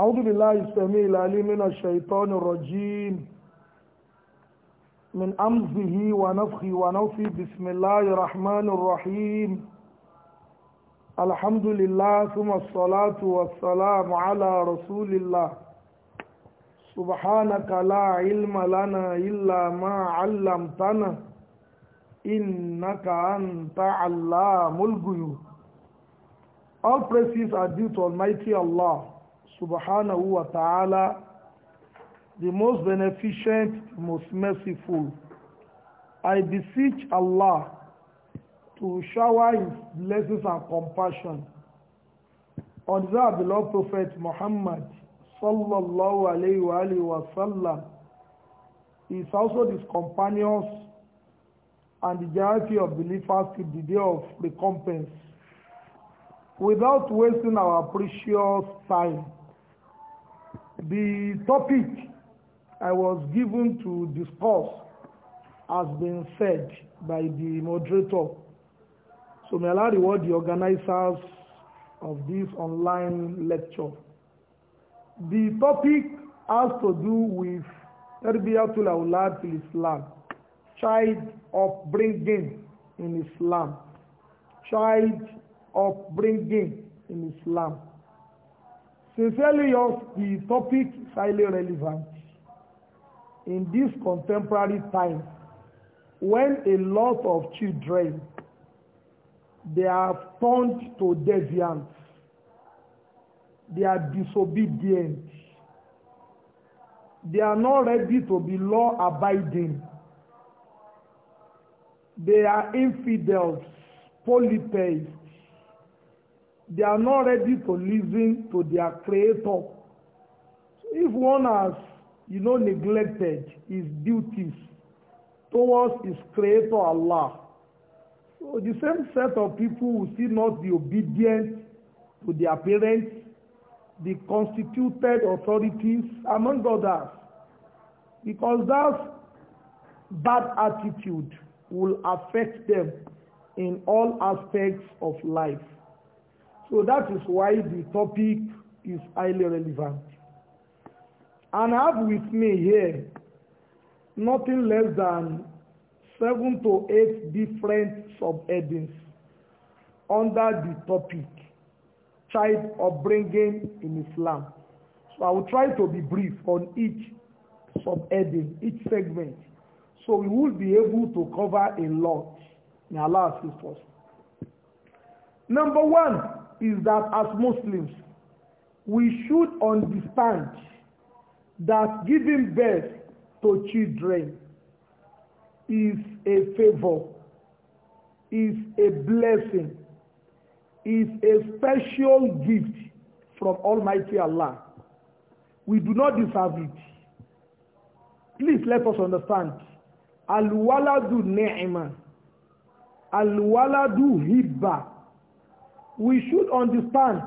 أعوذ بالله السميع العليم من الشيطان الرجيم من أمزه ونفخه ونوفي بسم الله الرحمن الرحيم الحمد لله ثم الصلاة والسلام على رسول الله سبحانك لا علم لنا إلا ما علمتنا إنك أنت علام الغيوب All praises are due to Almighty Allah subhanahu wa ta'ala the most beneficent the most merciful I beseech Allah to shower his blessings and compassion on the beloved prophet Muhammad sallallahu alayhi wa, alayhi wa sallam is also his companions and the majority of believers to the day of recompense without wasting our precious time The topic I was given to discuss has been said by the moderator. So may Allah reward the organizers of this online lecture. The topic has to do with Tarbiyatul Awlad fil Islam, child upbringing in Islam, child upbringing in Islam. Sincerely yours, the topic is highly relevant in this contemporary time when a lot of children they are turned to deviance they are disobedient they are not ready to be law abiding they are infidels polytheists They are not ready to listen to their creator. If one has, you know, neglected his duties towards his creator Allah, so the same set of people will still not be obedient to their parents, the constituted authorities, among others. Because that bad attitude will affect them in all aspects of life. So that is why the topic is highly relevant. And I have with me here nothing less than seven to eight different subheadings under the topic child upbringing in Islam. So I will try to be brief on each subheading, each segment. So we will be able to cover a lot. in Allah assist us. Number one, is that as Muslims, we should understand that giving birth to children is a favor, is a blessing, is a special gift from Almighty Allah. We do not deserve it. Please let us understand. Al-waladu ni'ma. Al-waladu hibba we should understand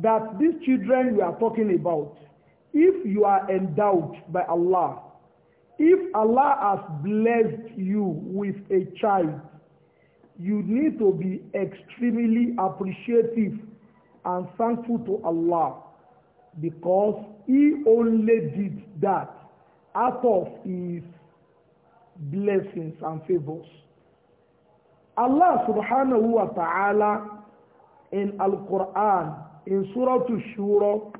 that these children we are talking about, if you are endowed by Allah, if Allah has blessed you with a child, you need to be extremely appreciative and thankful to Allah because He only did that out of His blessings and favors. Allah subhanahu wa ta'ala in Al-Quran in Surah to Shura,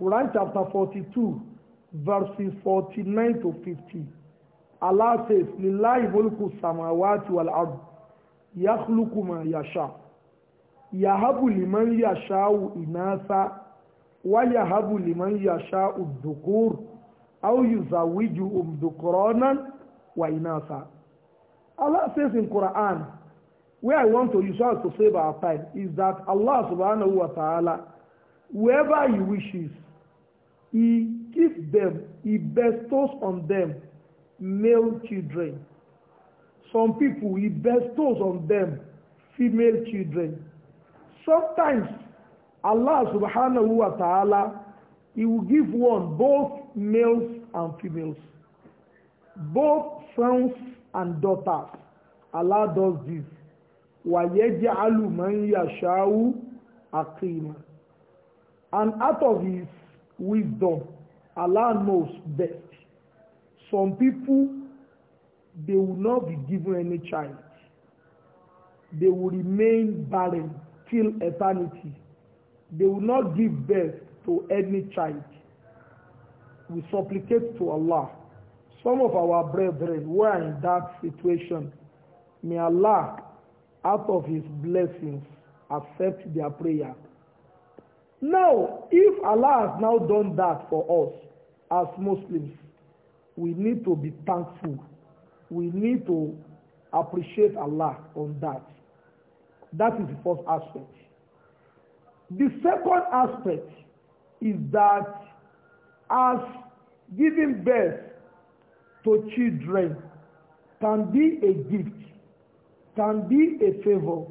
Quran chapter 42, verses 49 to 50. Allah says, Lillahi mulku samawati wal ard, yakhluqu ma yasha. Yahabu liman yasha'u inasa, wa yahabu liman yasha'u dhukur, aw yuzawijuhum wa inasa. Allah says in Quran, where I want to use out to save our time is that Allah subhanahu wa ta'ala, wherever he wishes, he gives them, he bestows on them male children. Some people, he bestows on them female children. Sometimes Allah subhanahu wa ta'ala, he will give one both males and females, both sons and daughters. Allah does this wàyẹ́jẹ́ alùmọ́nyàṣáwú àkìmọ̀ and out of his wisdom Allah knows best some people they will not be given any child they will remain barren till eternity they will not give birth to any child we supplicate to Allah some of our brethren were in that situation may Allah out of his blessings accept their prayer. Now, if Allah has now done that for us as Muslims, we need to be thankful. We need to appreciate Allah on that. That is the first aspect. The second aspect is that as giving birth to children can be a gift can be a favor,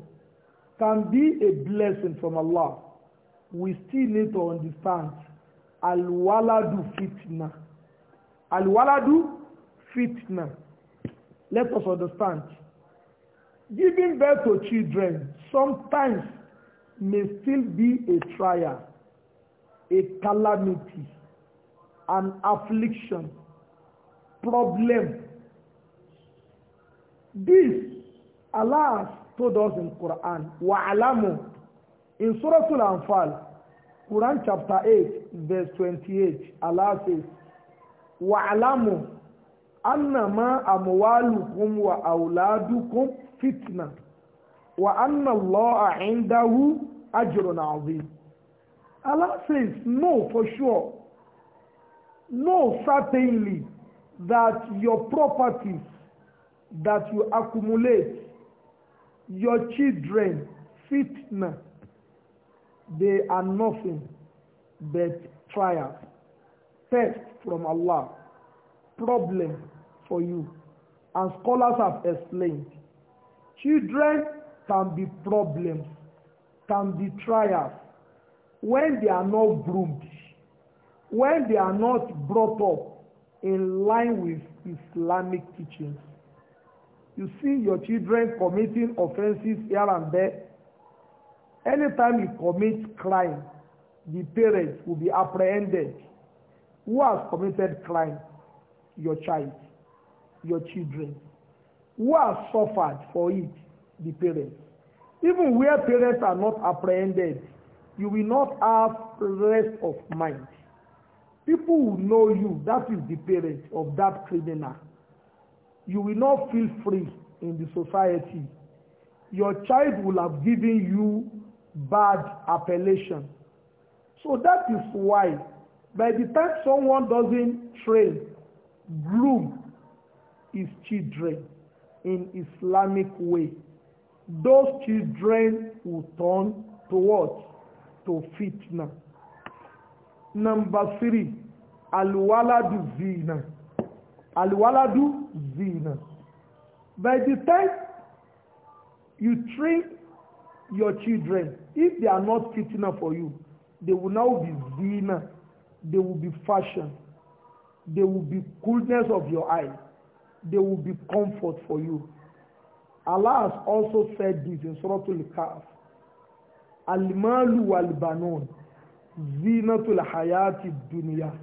can be a blessing from Allah, we still need to understand Al-Waladu Fitna. Al-Waladu Fitna. Let us understand. Giving birth to children sometimes may still be a trial, a calamity, an affliction, problem. This Allah told us in Quran, وَعَلَمُوا In Surah Al-Anfal, Quran chapter 8, verse 28, Allah says, وَعَلَمُوا أَنَّمَا أَمْوَالُكُمْ وَأَوْلَادُكُمْ فِتْنَةٌ وَأَنَّ اللَّهَ عِنْدَهُ أَجْرٌ عَظِيمٌ Allah says, no, for sure, no, certainly, that your properties that you accumulate your children fitna they are nothing but trials test from Allah problem for you and scholars have explained children can be problems can be trials when they are not groomed when they are not brought up in line with Islamic teachings you see your children committing offences here and there. Anytime you commit crime, the parents will be apprehended. Who has committed crime? Your child, your children. Who has suffered for it? The parents. Even where parents are not apprehended, you will not have rest of mind. People who know you, that is the parents of that criminal you will not feel free in the society. Your child will have given you bad appellation. So that is why by the time someone doesn't train, groom his children in Islamic way, those children will turn towards To fitna. Number three, al-waladu zina al zina. By the time you train your children, if they are not fit enough for you, they will now be zina. They will be fashion. They will be coolness of your eye. They will be comfort for you. Allah has also said this in Surah Al-Kahf. Al-malu zina banun Zinatul hayati dunya.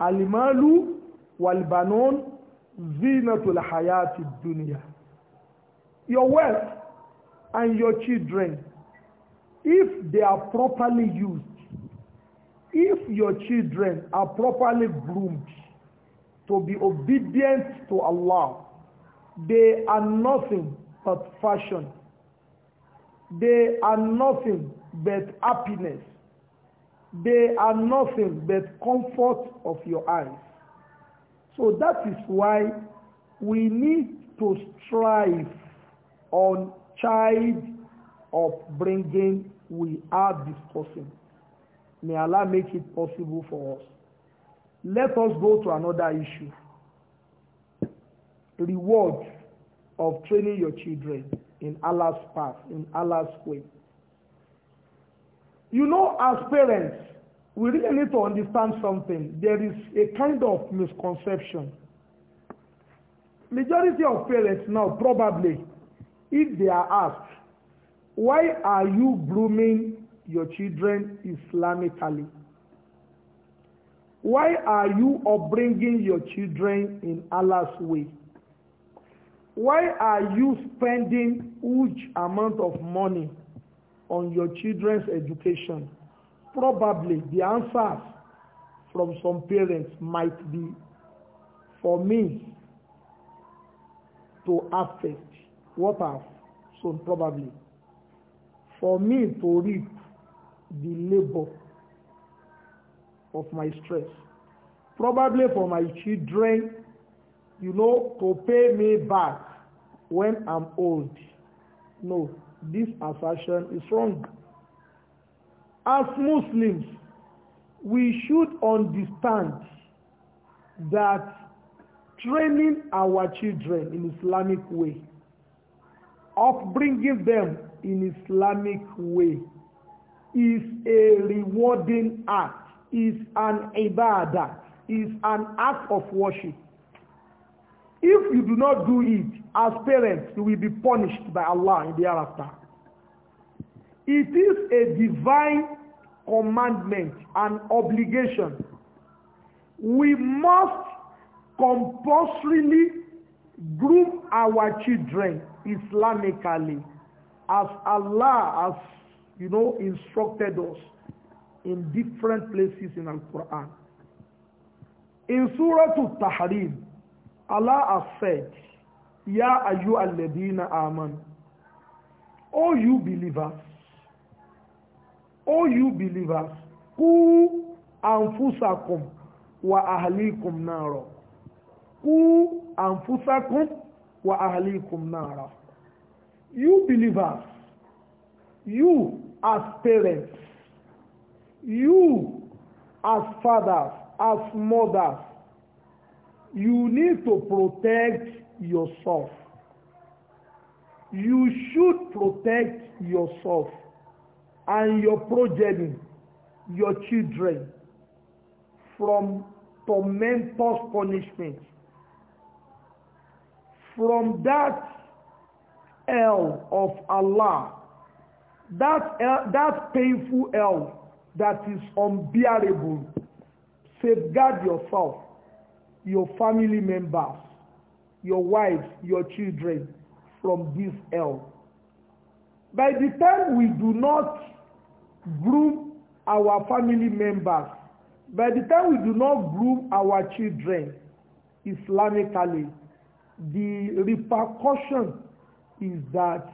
Al-malu wal zinatul hayati dunya. Your wealth and your children, if they are properly used, if your children are properly groomed to be obedient to Allah, they are nothing but fashion. They are nothing but happiness. They are nothing but comfort of your eyes. So that is why we need to strive on child upbringing we are discussing. May Allah make it possible for us. Let us go to another issue. Reward of training your children in Allah's path, in Allah's way. You know, as parents, we really need to understand something. There is a kind of misconception. Majority of parents now probably, if they are asked, why are you grooming your children Islamically? Why are you upbringing your children in Allah's way? Why are you spending huge amount of money on your children's education? probably the answers from some parents might be for me to affect what I've sown probably for me to reap the labor of my stress probably for my children you know to pay me back when I'm old no this assertion is wrong as Muslims, we should understand that training our children in Islamic way, upbringing them in Islamic way, is a rewarding act, is an ibadah, is an act of worship. If you do not do it, as parents, you will be punished by Allah in the hereafter. It is a divine commandment, and obligation. We must compulsorily groom our children Islamically as Allah has, you know, instructed us in different places in Al-Quran. In Surah Al-Tahrim, Allah has said, Ya ayyuhalladhina Aman, O you believers, All you believers, who anfusakum wa ahlikum nara. Who anfusakum wa ahlikum nara. You believers, you as parents, you as fathers, as mothers, you need to protect yourself. You should protect yourself and your progeny, your children, from tormentous punishment, from that hell of Allah, that, hell, that painful hell that is unbearable. Safeguard yourself, your family members, your wives, your children from this hell. By the time we do not groom our family members, by the time we do not groom our children Islamically, the repercussion is that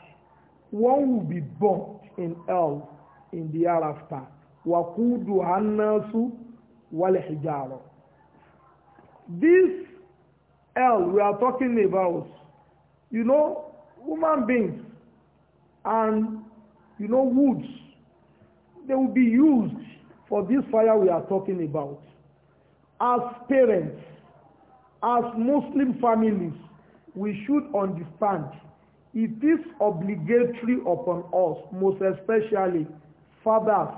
one will be burnt in hell in the hereafter. وَقُودُهَا wale hijaro. This hell we are talking about, you know, human beings, and you know woods they will be used for this fire we are talking about as parents as muslim families we should understand it is obligatory upon us most especially fathers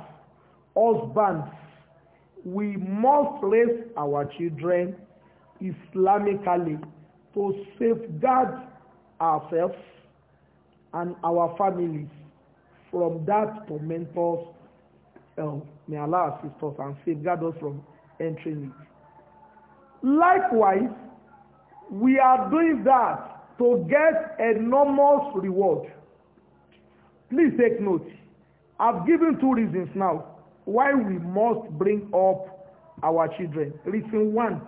husbands we must raise our children islamically to safeguard ourselves and our families from that tormentors hell. Um, may Allah assist us and safeguard us from entering it. Likewise, we are doing that to get enormous reward. Please take note. I've given two reasons now why we must bring up our children. Reason one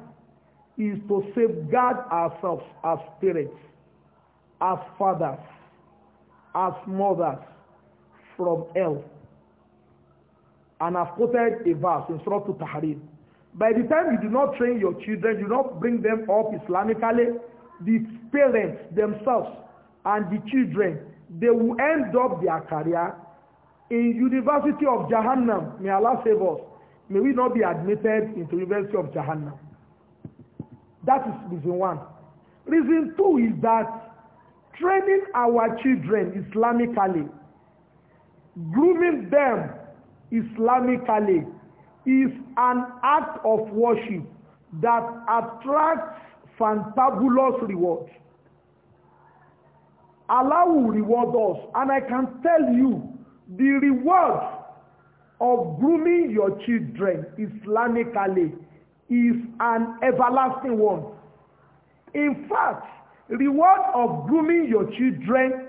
is to safeguard ourselves as parents, as fathers As mothers from hell. And I've quoted a verse in Surah to Tahrir. By the time you do not train your children, you do not bring them up Islamically, the parents themselves and the children, they will end up their career in University of Jahannam. May Allah save us. May we not be admitted into University of Jahannam. That is reason one. Reason two is that training our children Islamically, grooming them Islamically is an act of worship that attracts fantabulous rewards. Allah will reward us. And I can tell you, the reward of grooming your children Islamically is an everlasting one. In fact, reward of grooming your children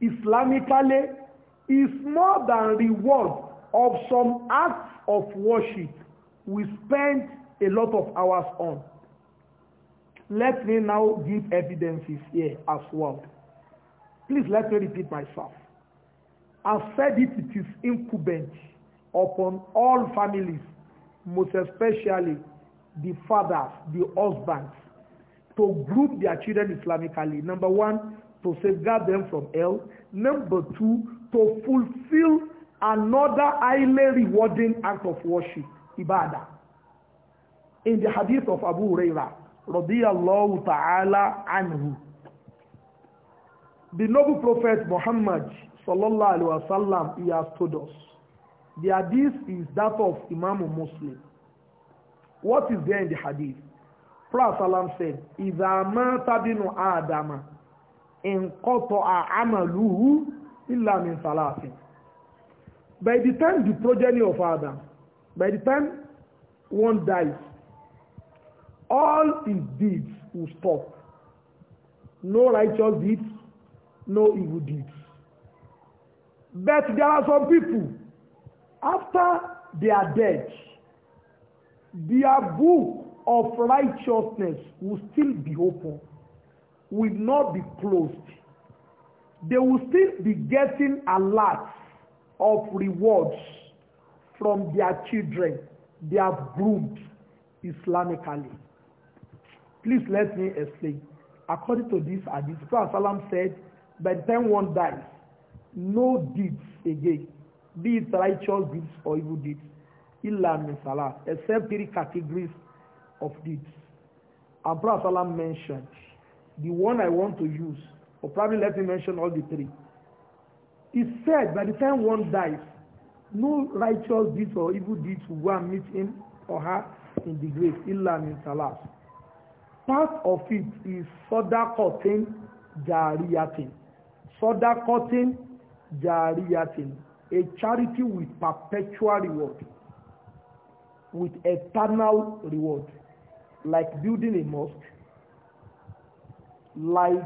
Islamically is more than reward of some acts of worship we spend a lot of hours on. Let me now give evidences here as well. Please let me repeat myself. I said it, it is incumbent upon all families, most especially the fathers, the husbands, to group their children Islamically. Number one, to safeguard them from hell. Number two, to fulfill another highly rewarding act of worship, ibadah. In the hadith of Abu Huraira, radiyallahu ta'ala anhu, the noble prophet Muhammad sallallahu alaihi wasallam, he has told us, the hadith is that of Imam Muslim. What is there in the hadith? Prophet Salam said, Iza mata binu Adama, in koto amaluhu illa min salasin. By the time the progeny of Adam, by the time one dies, all his deeds will stop. No righteous deeds, no evil deeds. But there are some people, after they are dead, their book of righteousness will still be open, will not be closed. They will still be getting a lot of rewards from their children they have groomed Islamically. Please let me explain. According to this hadith, Prophet Salam said, by the time one dies, no deeds again, be it righteous deeds or evil deeds, illa min salah, except three categories of deeds. And Prophet Salam mentioned, the one I want to use, or probably let me mention all the three. He said by the time one dies, no righteous deeds or evil deeds will go and meet him or her in the grave, illa min salas. Part of it is sodakotin jariyatin. Sodakotin jariyatin. A charity with perpetual reward, with eternal reward like building a mosque, like,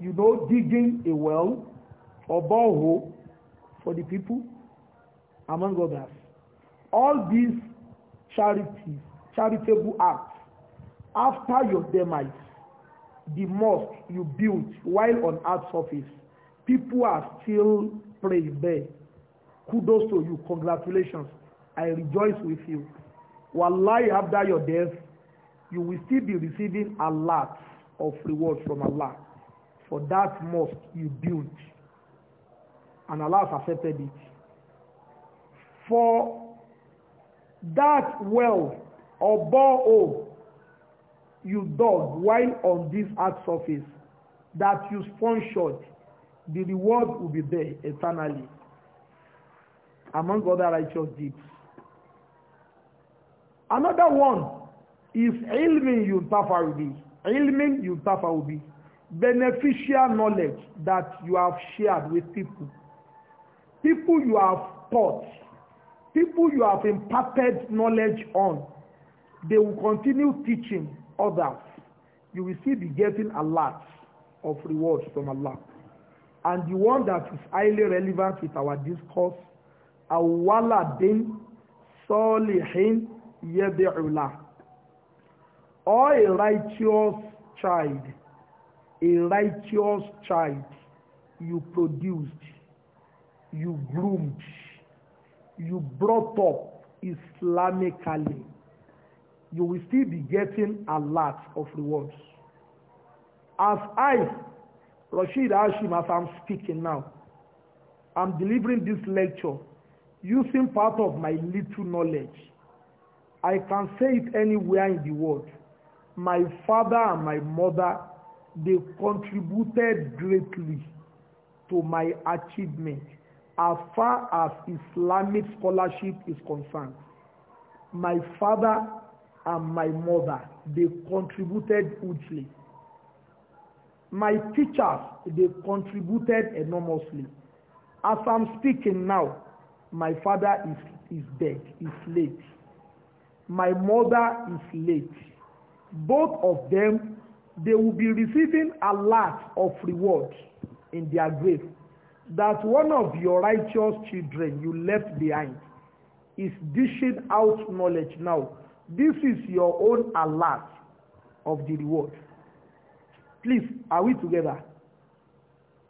you know, digging a well or borehole for the people, among others. All these charities, charitable acts, after your demise, the mosque you built while on earth's surface, people are still praying there. Kudos to you. Congratulations. I rejoice with you. Wallahi, after your death, you will still be receiving a lot of reward from Allah for that mosque you built. And Allah has accepted it. For that well or borehole you dug while on this earth surface that you sponsored, the reward will be there eternally. Among other righteous deeds. Another one if ilmin yuntafa bi ilmin yuntafa bi beneficial knowledge that you have shared with people people you have taught people you have imparted knowledge on they will continue teaching others you will still be getting a lot of rewards from Allah and the one that is highly relevant with our discourse awaladin solihin yede'ula or a righteous child a righteous child you produced you groomed you brought up Islamically you will still be getting a lot of rewards as I Rashid Hashim as I'm speaking now I'm delivering this lecture using part of my little knowledge I can say it anywhere in the world my father and my mother they contributed greatly to my achievement as far as Islamic scholarship is concerned. My father and my mother, they contributed hugely. My teachers, they contributed enormously. As I'm speaking now, my father is, is dead, is late. My mother is late both of them they will be receiving a lot of reward in their grave that one of your righteous children you left behind is dishing out knowledge now this is your own alert of the reward please are we together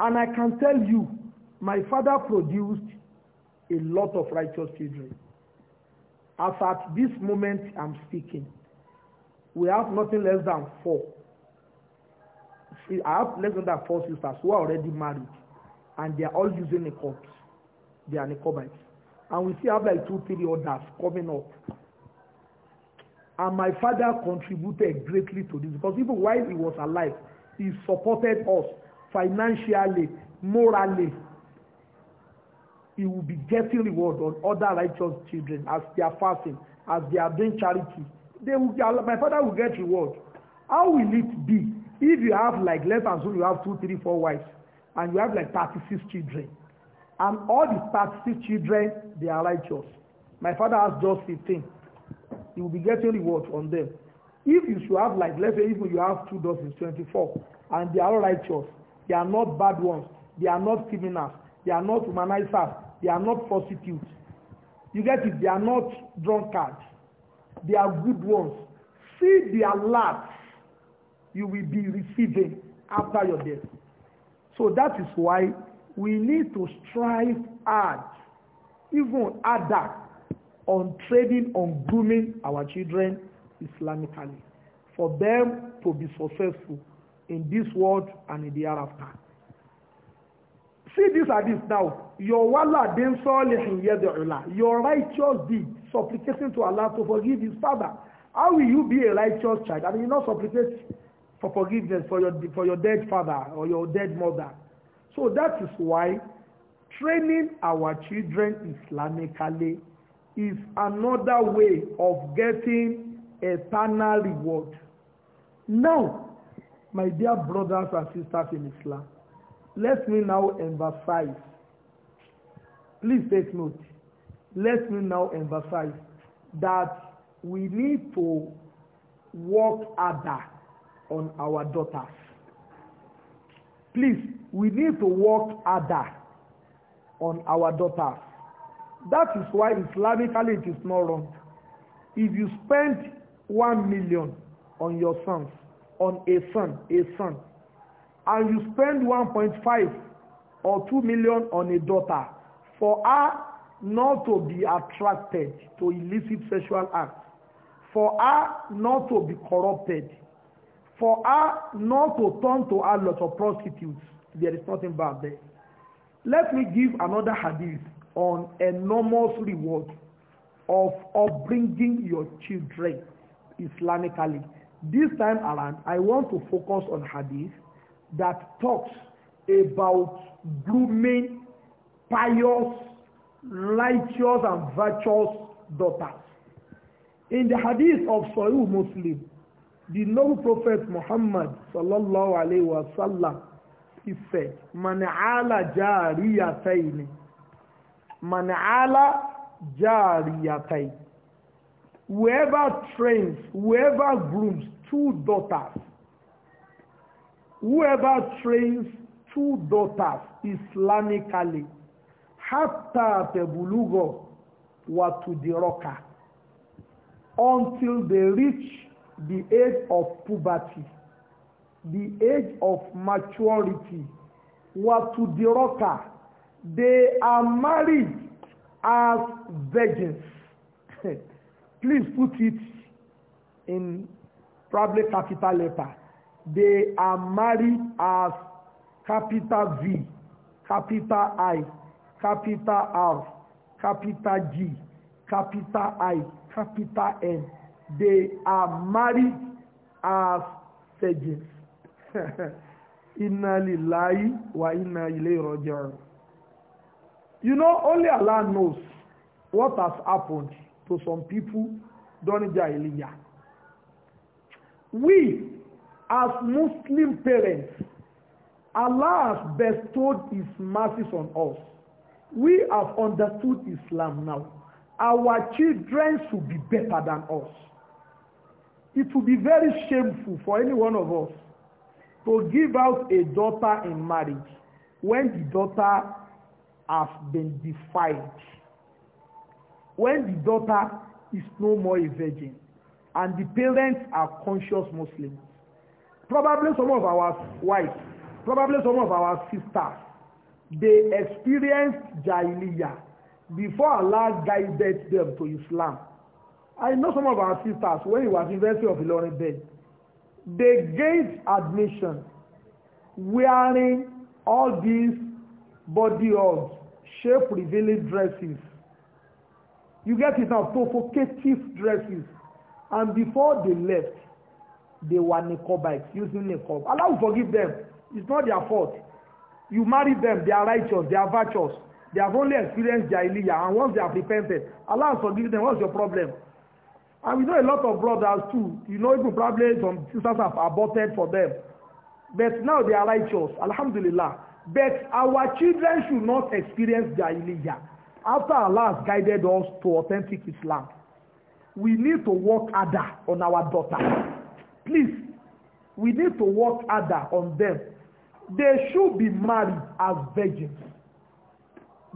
and i can tell you my father produced a lot of righteous children as at this moment i'm speaking we have nothing less than four. I have less than four sisters who are already married and they are all using niqabs. They are niqabites. And we still have like two, three others coming up. And my father contributed greatly to this because even while he was alive, he supported us financially, morally. He will be getting reward on other righteous children as they are fasting, as they are doing charity, they will, my father will get reward. How will it be if you have like less than so you have two, three, four wives and you have like 36 children? And all the 36 children, they are righteous. My father has just 15. He will be getting reward on them. If you should have like, let's say even you have two dozen, 24, and they are all righteous, they are not bad ones, they are not criminals, they are not humanizers, they are not prostitutes. You get it? They are not drunkards they are good ones. See their last you will be receiving after your death. So that is why we need to strive hard, even harder, on training, on grooming our children Islamically, for them to be successful in this world and in the hereafter. See this this. now. Your wala din salihin yad'ula. Your righteous deeds supplicating to Allah to forgive his father. How will you be a righteous child? I mean, you not supplicate for forgiveness for your, for your dead father or your dead mother. So that is why training our children Islamically is another way of getting eternal reward. Now, my dear brothers and sisters in Islam, let me now emphasize. Please take note let me now emphasize that we need to work harder on our daughters. Please, we need to work harder on our daughters. That is why Islamically it is not wrong. If you spend one million on your sons, on a son, a son, and you spend one point five or two million on a daughter, for her not to be attracted to illicit sexual acts, for her not to be corrupted, for her not to turn to a lot of prostitutes. There is nothing bad there. Let me give another hadith on enormous reward of upbringing your children Islamically. This time around, I want to focus on hadith that talks about grooming pious righteous and virtuous daughters. In the hadith of Sahih Muslim, the noble prophet Muhammad sallallahu alaihi wasallam he said, "Man ala jariyatayn, man ala jariyatayn." Whoever trains, whoever grooms two daughters, whoever trains two daughters Islamically, hatta tẹ̀bùlúgọ̀ wà tùdìrọ̀kà until they reach the age of puberty the age of maturity wà tùdìrọ̀kà they are married as virgins please put it in probably capital letter they are married as capital V capital I capital R capital G capital I capital N they are married as surgeons inna lillahi wa inna ilayhi raji'un you know only Allah knows what has happened to some people during Jahiliyyah we as Muslim parents Allah has bestowed his mercy on us We have understood Islam now. Our children should be better than us. It would be very shameful for any one of us to give out a daughter in marriage when the daughter has been defiled, when the daughter is no more a virgin, and the parents are conscious Muslims. Probably some of our wives, probably some of our sisters They experienced Jahiliyyah before Allah guided them to Islam. I know some of our sisters, when he was University of Ilorin then, they gained admission wearing all these body odds, shape revealing dresses. You get it now, provocative dresses. And before they left, they were Nicobites, using Nicob. Allah will forgive them. It's not their fault. You marry them, they are righteous, they are virtuous. They have only experienced Jahiliyyah, and once they have repented, Allah has forgiven them. What's your problem? And we know a lot of brothers too. You know, even probably some sisters have aborted for them. But now they are righteous. Alhamdulillah. But our children should not experience Jahiliyyah. After Allah has guided us to authentic Islam, we need to work harder on our daughters. Please, we need to work harder on them They should be married as virgins.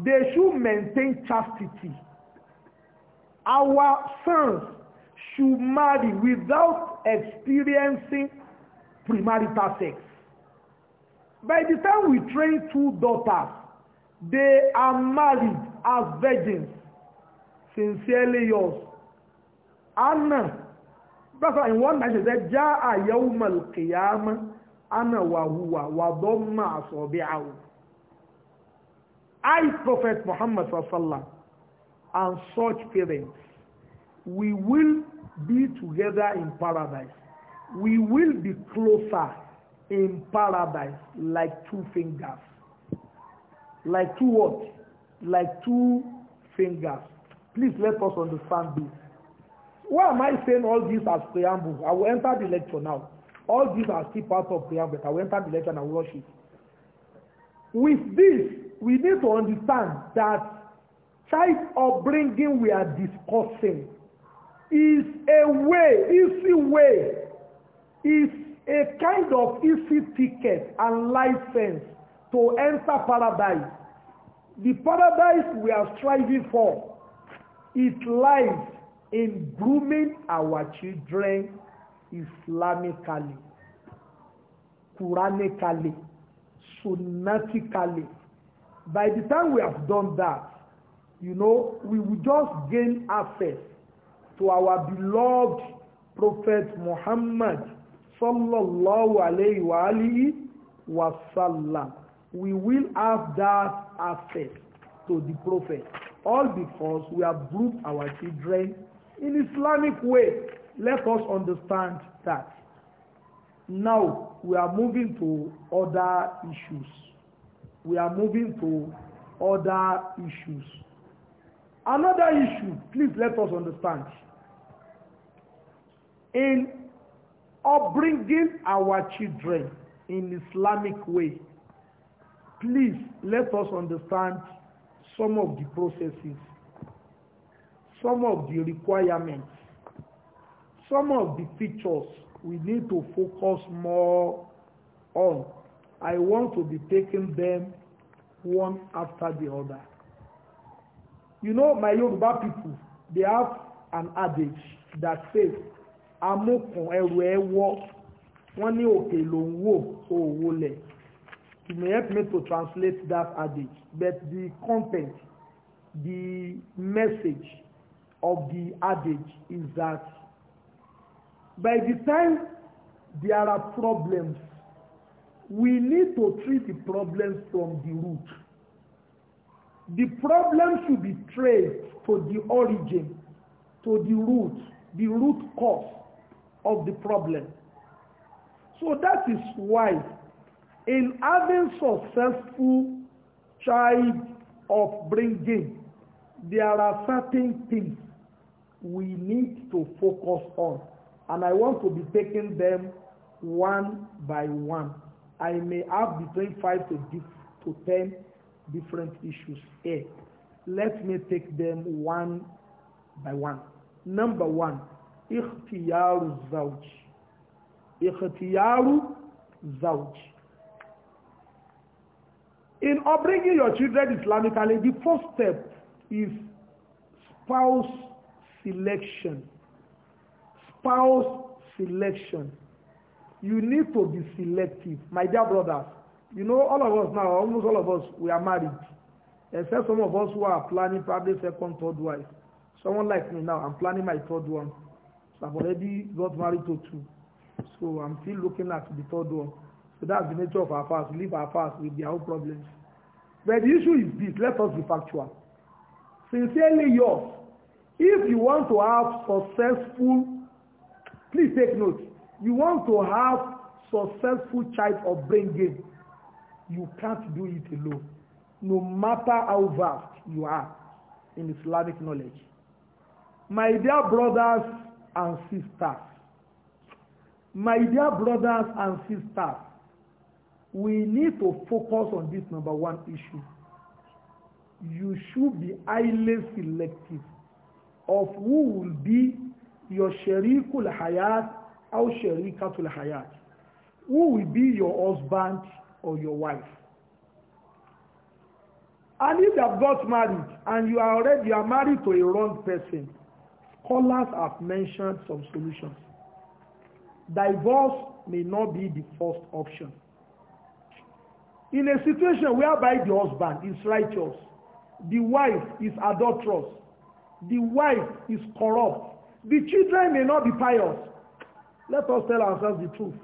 They should maintain chastity. Our sons should marry without experiencing premarital sex. By the time we train two daughters, they are married as virgins. Sincerely yours. Anna, brother, in one night she said, Ja'a yawmal qiyamah ana wa huwa wa dhamma asabi'ahu I Prophet Muhammad sallallahu and such parents we will be together in paradise we will be closer in paradise like two fingers like two what like two fingers please let us understand this why am I saying all this as preamble I will enter the lecture now All these are still part of prayer, but I will enter the lecture and I will rush it. With this, we need to understand that type of bringing we are discussing is a way, easy way, is a kind of easy ticket and license to enter paradise. The paradise we are striving for, it lies in grooming our children islamically quranically sunnatically by the time we have done that you know we will just gain access to our beloved prophet muhammad sallallahu alayhi wa alihi wa sallam we will have that access to the prophet all because we have grouped our children in islamic way let us understand that now we are moving to other issues. We are moving to other issues. Another issue, please let us understand. In upbringing our children in Islamic way, please let us understand some of the processes, some of the requirements some of the features we need to focus more on. I want to be taking them one after the other. You know, my Yoruba people, they have an adage that says, amókun ẹrù ẹ wọ́, wọ́n ní òkè ló ń wò owó lẹ̀. You may help me to translate that adage, but the content, the message of the adage is that by the time there are problems we need to treat the problems from the root the problem should be traced to the origin to the root the root cause of the problem so that is why in having successful child bringing, there are certain things we need to focus on and I want to be taking them one by one. I may have between five to, to ten different issues here. Let me take them one by one. Number one, ikhtiyaru zawj. Ikhtiyaru zawj. In upbringing your children Islamically, the first step is spouse selection spouse selection you need to be selective my dear brothers you know all of us now almost all of us we are married except some of us who are planning probably second third wife someone like me now i'm planning my third one so i've already got married to two so i'm still looking at the third one so that's the nature of our past we live our past with their own problems but the issue is this let us be factual sincerely yours if you want to have successful Please take note. You want to have successful child brain upbringing. You can't do it alone. No matter how vast you are in Islamic knowledge. My dear brothers and sisters, my dear brothers and sisters, we need to focus on this number one issue. You should be highly selective of who will be your sherikul hayat or sherikatul hayat. Who will be your husband or your wife? And if you have got married and you are already you are married to a wrong person, scholars have mentioned some solutions. Divorce may not be the first option. In a situation whereby the husband is righteous, the wife is adulterous, the wife is corrupt, The children may not be pious. Let us tell ourselves the truth.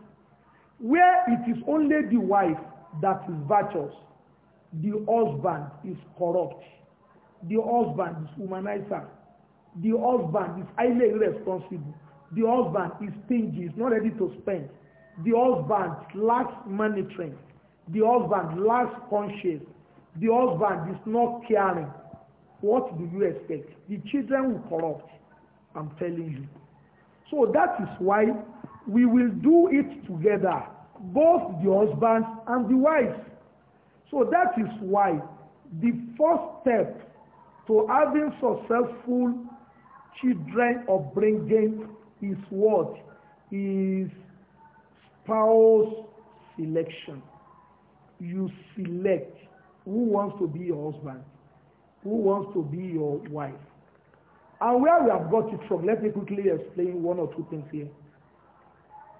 Where it is only the wife that is virtuous, the husband is corrupt. The husband is humanizer. The husband is highly irresponsible. The husband is stingy, is not ready to spend. The husband lacks monitoring. The husband lacks conscience. The husband is not caring. What do you expect? The children will corrupt. I'm telling you. So that is why we will do it together, both the husbands and the wives. So that is why the first step to having successful children bringing is what? Is spouse selection. You select who wants to be your husband, who wants to be your wife. And where we have got it from, let me quickly explain one or two things here.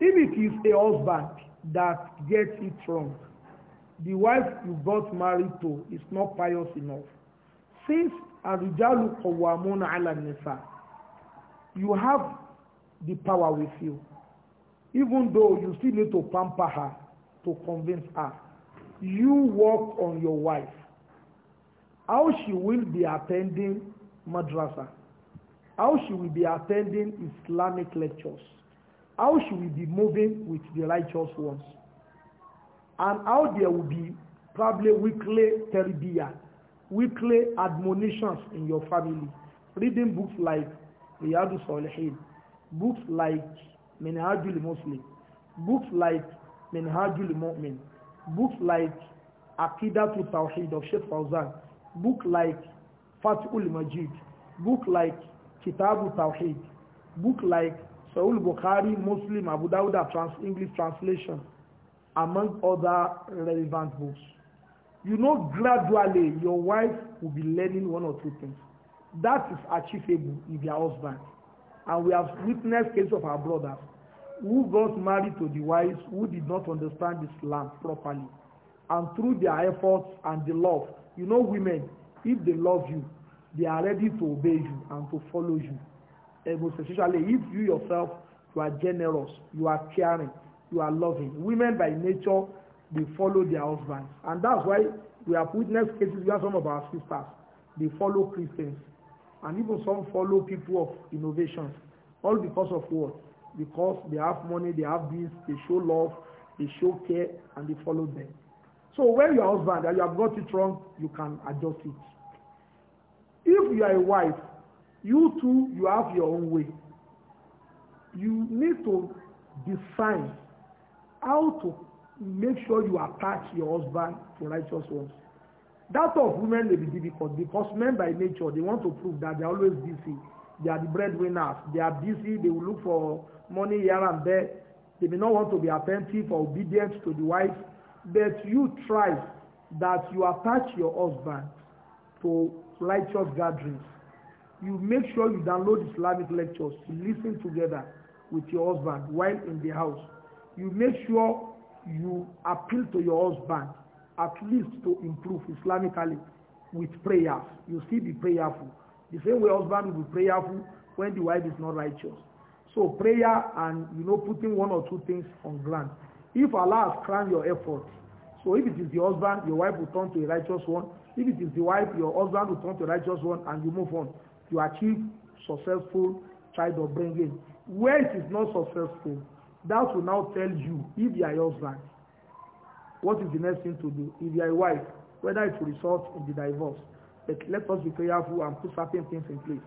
If it is a husband that gets it wrong, the wife you got married to is not pious enough. Since Arijalu Qawwamuna ala Nisa, you have the power with you. Even though you still need to pamper her, to convince her, you work on your wife. How she will be attending madrasa How should we be attending Islamic lectures? How should we be moving with the righteous ones? And how there will be probably weekly terbiyah, weekly admonitions in your family. Reading books like Riyadu Salihin, books like Minhajul Muslim, books like Minhajul Mu'min, books like Aqidatul Tawheed of Sheikh Fawzan, book like Fatul Majid, book like kitabu tawhid book like Sahul Bukhari Muslim Abu Dawud trans English translation among other relevant books you know gradually your wife will be learning one or two things that is achievable if your husband and we have witnessed case of our brothers who got married to the wives who did not understand Islam properly and through their efforts and the love you know women if they love you They are ready to obey you and to follow you. And most especially if you yourself, you are generous, you are caring, you are loving. Women by nature, they follow their husbands. And that's why we have witnessed cases where some of our sisters, they follow Christians. And even some follow people of innovations. All because of what? Because they have money, they have this, they show love, they show care, and they follow them. So when your husband, and you have got it wrong, you can adjust it. if you are a wife you too you have your own way you need to define how to make sure you attach your husband to righteous ones that of women may be difficult because men by nature they want to prove that they are always busy they are the breadwinners they are busy they will look for money here and there they may not want to be attentive or obedient to the wife but you try that you attach your husband to righteous gatherings. You make sure you download Islamic lectures to listen together with your husband while in the house. You make sure you appeal to your husband at least to improve Islamically with prayers. You still be prayerful. The same way husband will be prayerful when the wife is not righteous. So prayer and, you know, putting one or two things on ground. If Allah has crowned your efforts, so if it is the husband, your wife will turn to a righteous one. If it is the wife, your husband will turn to righteous one and you move on. You achieve successful child bringing. Where it is not successful, that will now tell you if you are your husband, what is the next thing to do? If you are a wife, whether it will result in the divorce. But let us be careful and put certain things in place.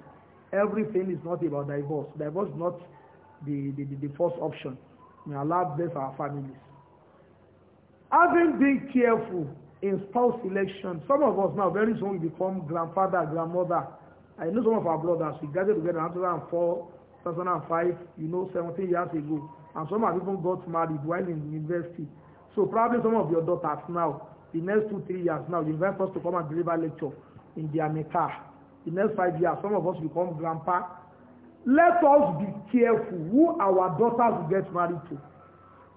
Everything is not about divorce. Divorce is not the, the, the, the first option. We allow bless our families. Having been careful in spouse selection. Some of us now very soon become grandfather, grandmother. I know some of our brothers, we gathered together in 2004, 2005, you know, 17 years ago. And some have even got married while in university. So probably some of your daughters now, the next two, three years now, you invite us to come and deliver lecture in their Mecca. The next five years, some of us become grandpa. Let us be careful who our daughters get married to.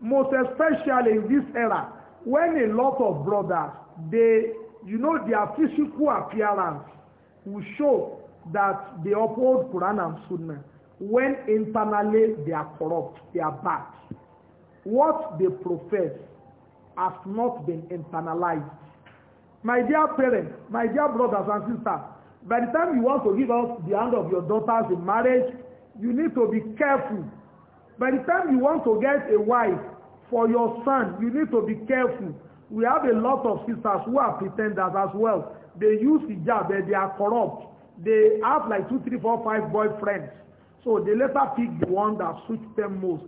Most especially in this era, when a lot of brothers they you know their physical appearance will show that they uphold Quran and Sunnah when internally they are corrupt they are bad what they profess has not been internalized my dear parents my dear brothers and sisters by the time you want to give out the hand of your daughters in marriage you need to be careful by the time you want to get a wife for your son you need to be careful we have a lot of sisters who are pretenders as well they use hijab but they are corrupt they have like two three four five boyfriends so they later pick the one that suits them most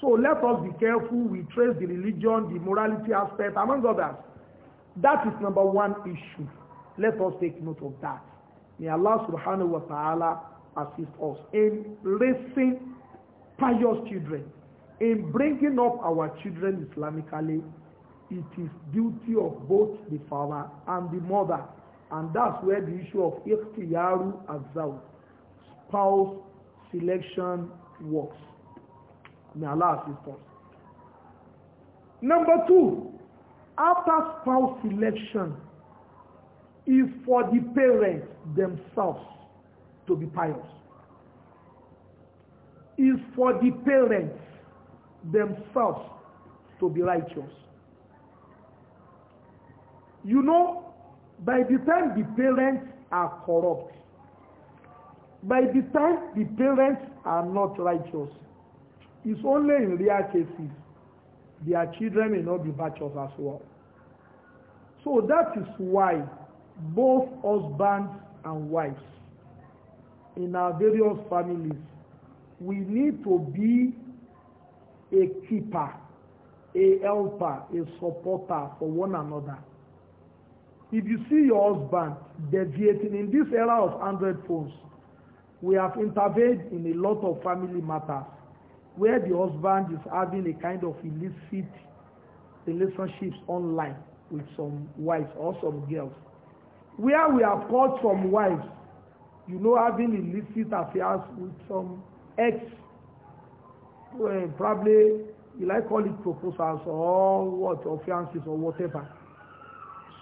so let us be careful we trace the religion the morality aspect among others that is number one issue let us take note of that may allah subhanahu wa ta'ala assist us in raising pious children in bringing up our children Islamically, it is duty of both the father and the mother. And that's where the issue of ikhtiyaru azal, spouse selection works. May Allah assist us. Number two, after spouse selection is for the parents themselves to be pious. Is for the parents themselves to be righteous. You know, by the time the parents are corrupt, by the time the parents are not righteous, it's only in rare cases their children may not be virtuous as well. So that is why both husbands and wives in our various families, we need to be a keeper, a helper, a supporter for one another. If you see your husband deviating in this era of Android phones, we have intervened in a lot of family matters where the husband is having a kind of illicit relationships online with some wives or some girls. Where we have caught some wives, you know, having illicit affairs with some ex uh, probably you like call it proposals or what or fiances or whatever.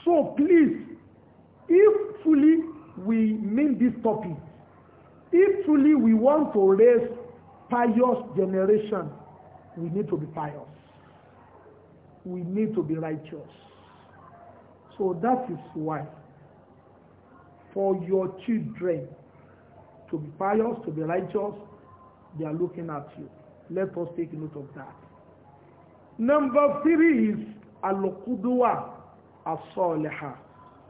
So please, if truly we mean this topic, if truly we want to raise pious generation, we need to be pious. We need to be righteous. So that is why for your children to be pious, to be righteous, they are looking at you. Let us take note of that. Number three is al-qudwa as-salihah.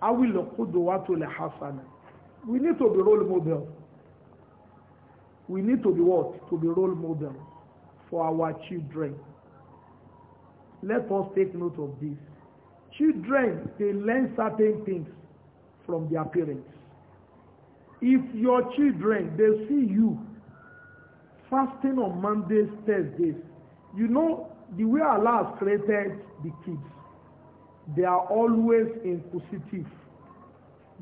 Awil qudwa to hasana. We need to be role model. We need to be what? To be role model for our children. Let us take note of this. Children, they learn certain things from their parents. If your children, they see you fasting on Mondays, Thursdays. You know, the way Allah has created the kids, they are always inquisitive.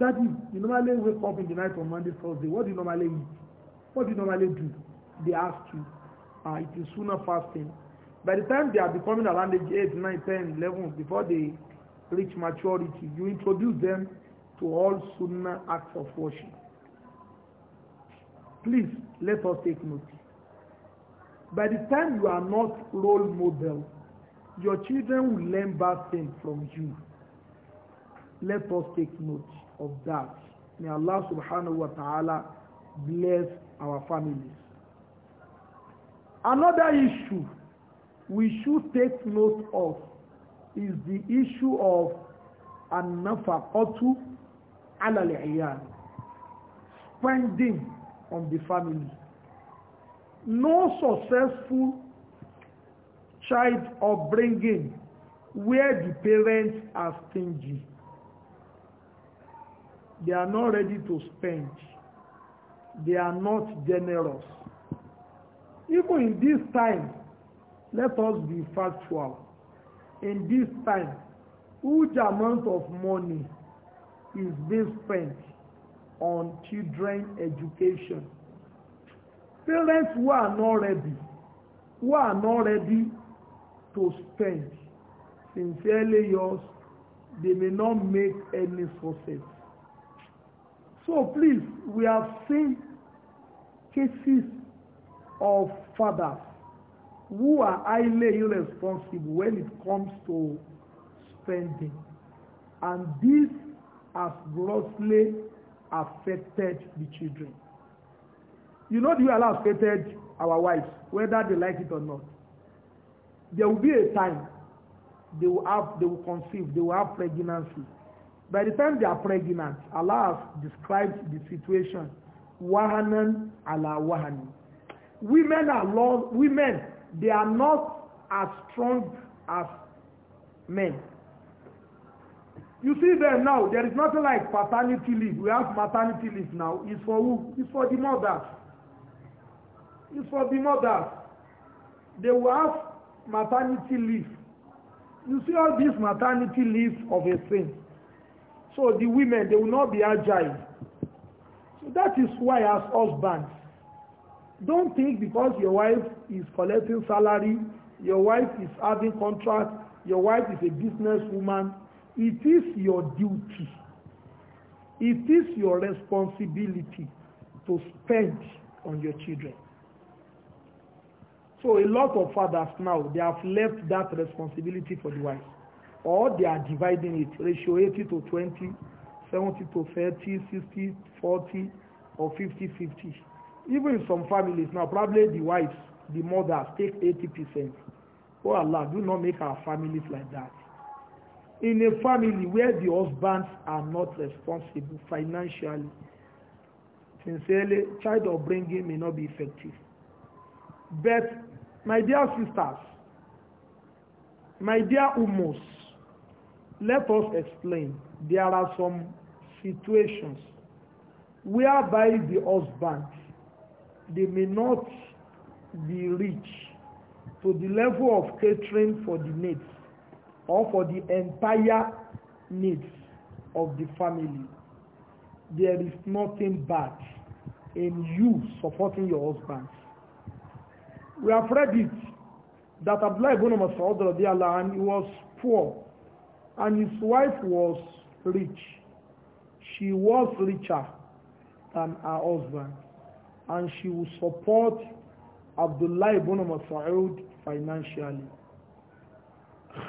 That is, you normally wake up in the night on Monday, Thursday. What do you normally eat? What do you normally do? They ask you. Uh, it is sooner fasting. By the time they are becoming around age 8, 9, 10, 11, before they reach maturity, you introduce them to all sunnah acts of worship. Please, let us take note. By the time you are not role model, your children will learn bad things from you. Let us take note of that. May Allah subhanahu wa ta'ala bless our families. Another issue we should take note of is the issue of an-nafaqatu ala al spending on the family no successful child upbringing where the parents are stingy. They are not ready to spend. They are not generous. Even in this time, let us be factual. In this time, huge amount of money is being spent on children education parents who are not ready who are not ready to spend sincerely yours they may not make any success so please we have seen cases of fathers who are highly irresponsible when it comes to spending and this has grossly affected the children You know the way Allah created our wives, whether they like it or not. There will be a time they will have, they will conceive, they will have pregnancy. By the time they are pregnant, Allah has described the situation. Wahanan ala wahani. Women are lost, women, they are not as strong as men. You see them now, there is nothing like paternity leave. We have maternity leave now. It's for who? It's for the mothers is for the mothers. They will have maternity leave. You see all this maternity leave of a saint. So the women, they will not be agile. So that is why as husbands, don't think because your wife is collecting salary, your wife is having contract, your wife is a businesswoman, it is your duty. It is your responsibility to spend on your children. So a lot of fathers now, they have left that responsibility for the wife. Or they are dividing it, ratio 80 to 20, 70 to 30, 60, 40, or 50, 50. Even in some families now, probably the wives, the mothers take 80%. Oh Allah, do not make our families like that. In a family where the husbands are not responsible financially, sincerely, child upbringing may not be effective. But My dear sisters, my dear Umos, let us explain. There are some situations whereby the husband, they may not be rich to the level of catering for the needs or for the entire needs of the family. There is nothing bad in you supporting your husband. We have read it that Abdullah ibn Mas'ud radiallahu was poor and his wife was rich. She was richer than her husband and she would support Abdullah ibn Mas'ud financially.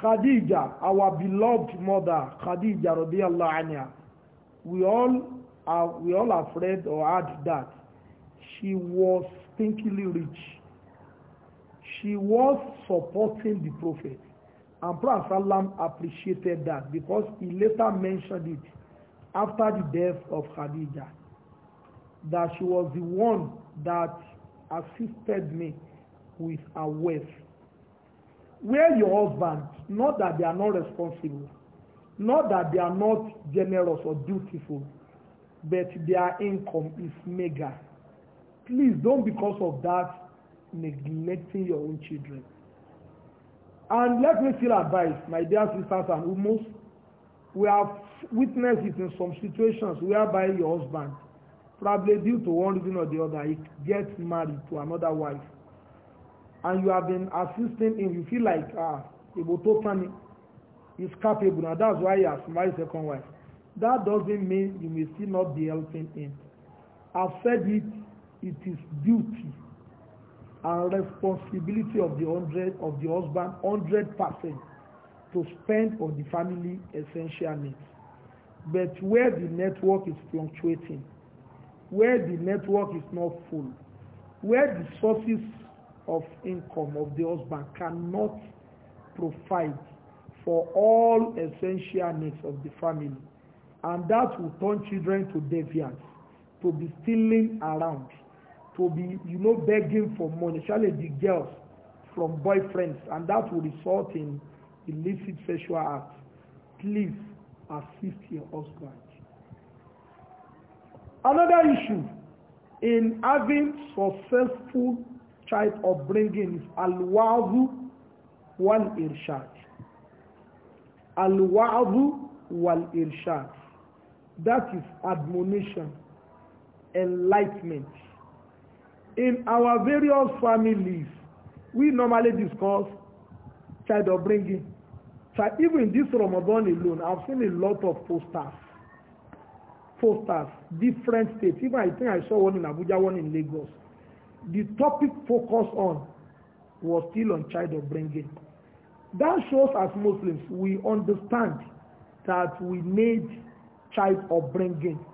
Khadija, our beloved mother, Khadija radiallahu anha, we all are, we all have read or heard that she was stinkily rich she was supporting the prophet. And Prophet Salam appreciated that because he later mentioned it after the death of Khadija. That she was the one that assisted me with her wealth. Where your husband, not that they are not responsible, not that they are not generous or dutiful, but their income is mega. Please don't because of that neglecting your own children. And let me still advise, my dear sisters and ummos, we have witnessed it in some situations whereby your husband, probably due to one reason or the other, he gets married to another wife. And you have been assisting him, you feel like, ah, totally, is capable, Now that's why he has married second wife. That doesn't mean you may still not be helping him. I've said it, it is duty and responsibility of the hundred of the husband hundred percent to spend on the family essential needs. But where the network is fluctuating, where the network is not full, where the sources of income of the husband cannot provide for all essential needs of the family, and that will turn children to deviants, to be stealing around, to be, you know, begging for money, especially the girls from boyfriends, and that will result in illicit sexual acts. Please assist your husband. Another issue in having successful child upbringing is al-wa'adhu wal-irshad. Al-wa'adhu wal-irshad. That is admonition, enlightenment in our various families we normally discuss child upbringing child even this Ramadan alone I've seen a lot of posters posters different states even I think I saw one in Abuja one in Lagos the topic focused on was still on child upbringing that shows as Muslims we understand that we need child upbringing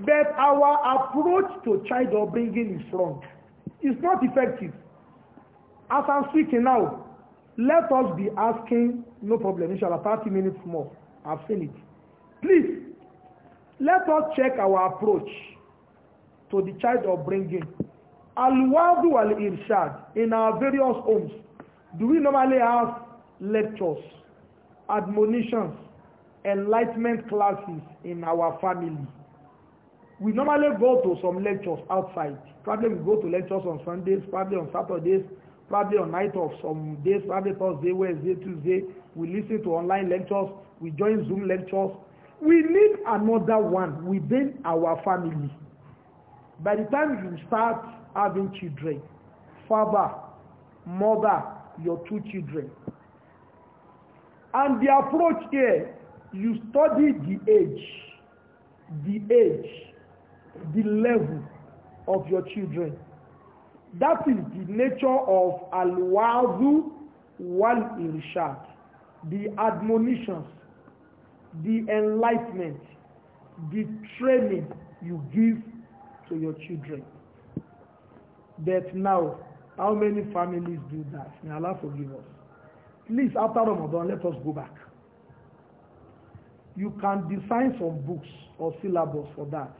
But our approach to child upbringing is wrong. It's not effective. As I'm speaking now, let us be asking, no problem, inshallah, 30 minutes more. I've seen it. Please, let us check our approach to the child upbringing. Al-Wadu al-Irshad, in our various homes, do we normally have lectures, admonitions, enlightenment classes in our family? we normally go to some lectures outside. Probably we go to lectures on Sundays, probably on Saturdays, probably on night of some days, probably Thursday, Wednesday, Tuesday. We listen to online lectures. We join Zoom lectures. We need another one within our family. By the time you start having children, father, mother, your two children. And the approach here, you study the age. The age the level of your children. That is the nature of al-wa'zu wal-irshad, the admonitions, the enlightenment, the training you give to your children. That now, how many families do that? May Allah forgive us. Please, after Ramadan, let us go back. You can design some books or syllabus for that.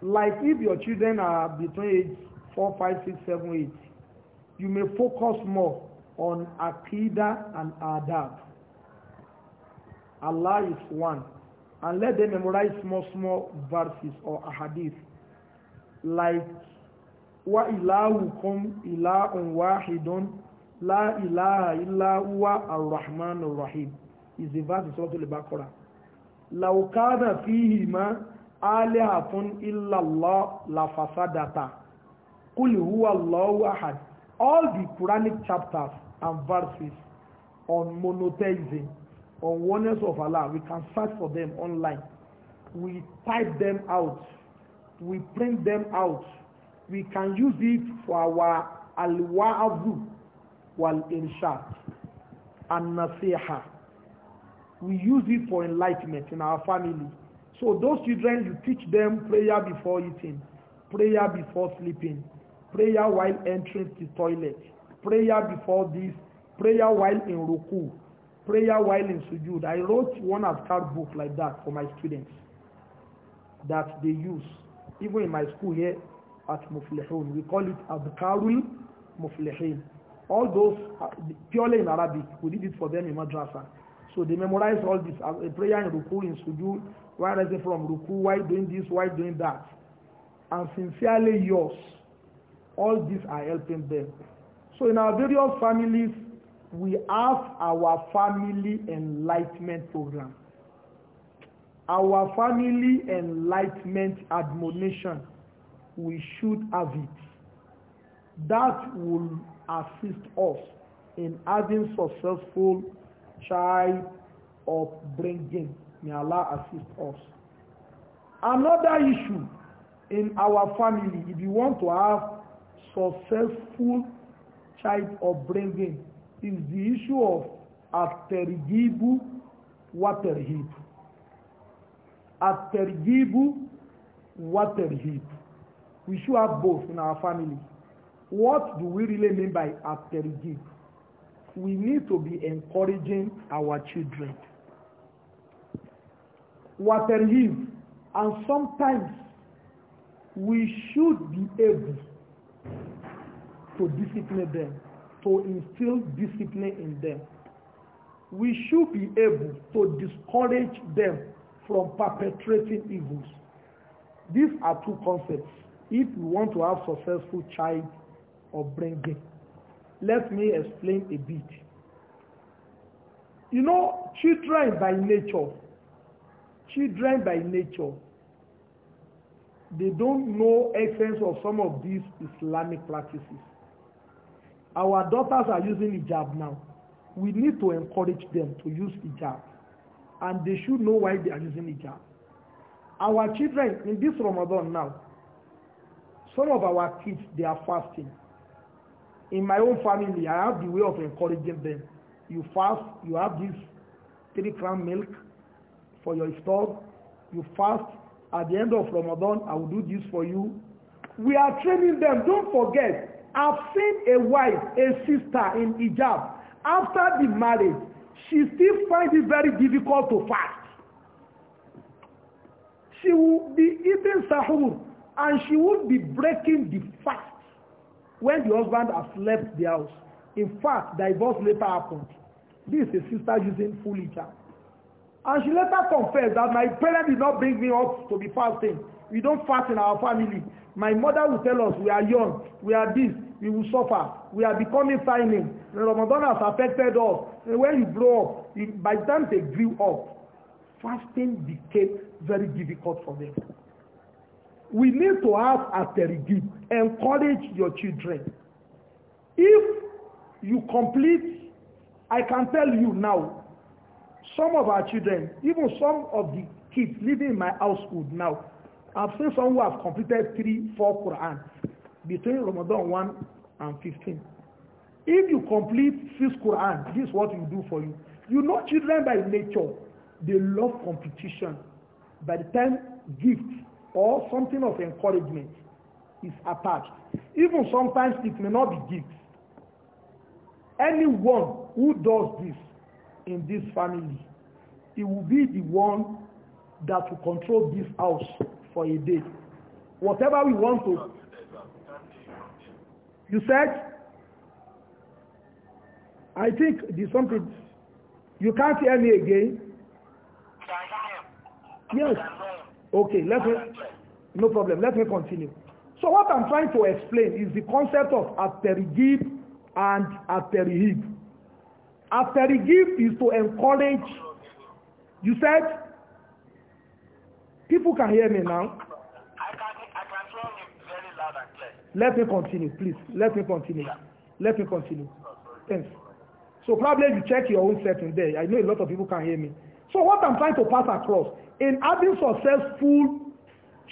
Like if your children are between age four, five, six, seven, eight, you may focus more on Aqidah and Adab. Allah is one. And let them memorize small, small verses or ahadith. Like, wa ilahukum ilahun wahidun la ilaha illa huwa ar-rahman ar-rahim. Is the verse in Surah Al-Baqarah. لو fihi ma alihatun illallah la fasadata kul huwa allahu ahad all the quranic chapters and verses on monotheism on oneness of allah we can search for them online we type them out we print them out we can use it for our al-wa'azu wal-irshad and nasiha we use it for enlightenment in our family So those children, you teach them prayer before eating, prayer before sleeping, prayer while entering the toilet, prayer before this, prayer while in ruku, prayer while in sujud. I wrote one Afkar book like that for my students that they use. Even in my school here at Muflihun, we call it Abkarul Muflihin. All those uh, purely in Arabic, we did it for them in madrasa. So they memorize all this, uh, prayer in ruku, in sujud, while rising from ruku Why doing this Why doing that and sincerely yours all these are helping them so in our various families we have our family enlightenment program our family enlightenment admonition we should have it that will assist us in having successful child upbringing May Allah assist us. Another issue in our family, if you want to have successful child upbringing, is the issue of at-tergibu wa terhib. At-tergibu We should have both in our family. What do we really mean by at We need to be encouraging our children waterhiv and sometimes we should be able to discipline them to instill discipline in them we should be able to discourage them from perpetrating evils these are two concepts if we want to have successful child upbringing let me explain a bit you know children by nature children by nature, they don't know essence of some of these Islamic practices. Our daughters are using hijab now. We need to encourage them to use hijab. And they should know why they are using hijab. Our children, in this Ramadan now, some of our kids, they are fasting. In my own family, I have the way of encouraging them. You fast, you have this three crown milk, for your store, you fast. At the end of Ramadan, I will do this for you. We are training them. Don't forget, I've seen a wife, a sister in hijab. After the marriage, she still finds it very difficult to fast. She will be eating sahur and she will be breaking the fast when the husband has left the house. In fact, divorce later happened. This is a sister using full hijab. And she later confessed that my parents did not bring me up to be fasting. We don't fast in our family. My mother will tell us we are young, we are this, we will suffer, we are becoming silent. The Ramadan has affected us. And when you grow up, by the time they grew up, fasting became very difficult for them. We need to have a terigib. Encourage your children. If you complete, I can tell you now, Some of our children, even some of the kids living in my household now, I've seen some who have completed three, four Quran between Ramadan one and fifteen. If you complete six Quran, this is what we do for you. You know children by nature, they love competition. By the time gift or something of encouragement is attached, even sometimes it may not be gift. Anyone who does this in this family he will be the one that will control this house for a day. Whatever we want to. You said? I think there's something. You can't hear me again? Yes. Okay, let me. No problem. Let me continue. So what I'm trying to explain is the concept of aterigib and aterihib. Aterigib is to encourage You said? People can hear me now. I can, I can hear you very loud and clear. Let me continue, please. Let me continue. Yeah. Let me continue. Thanks. So probably you check your own setting there. I know a lot of people can hear me. So what I'm trying to pass across, in having successful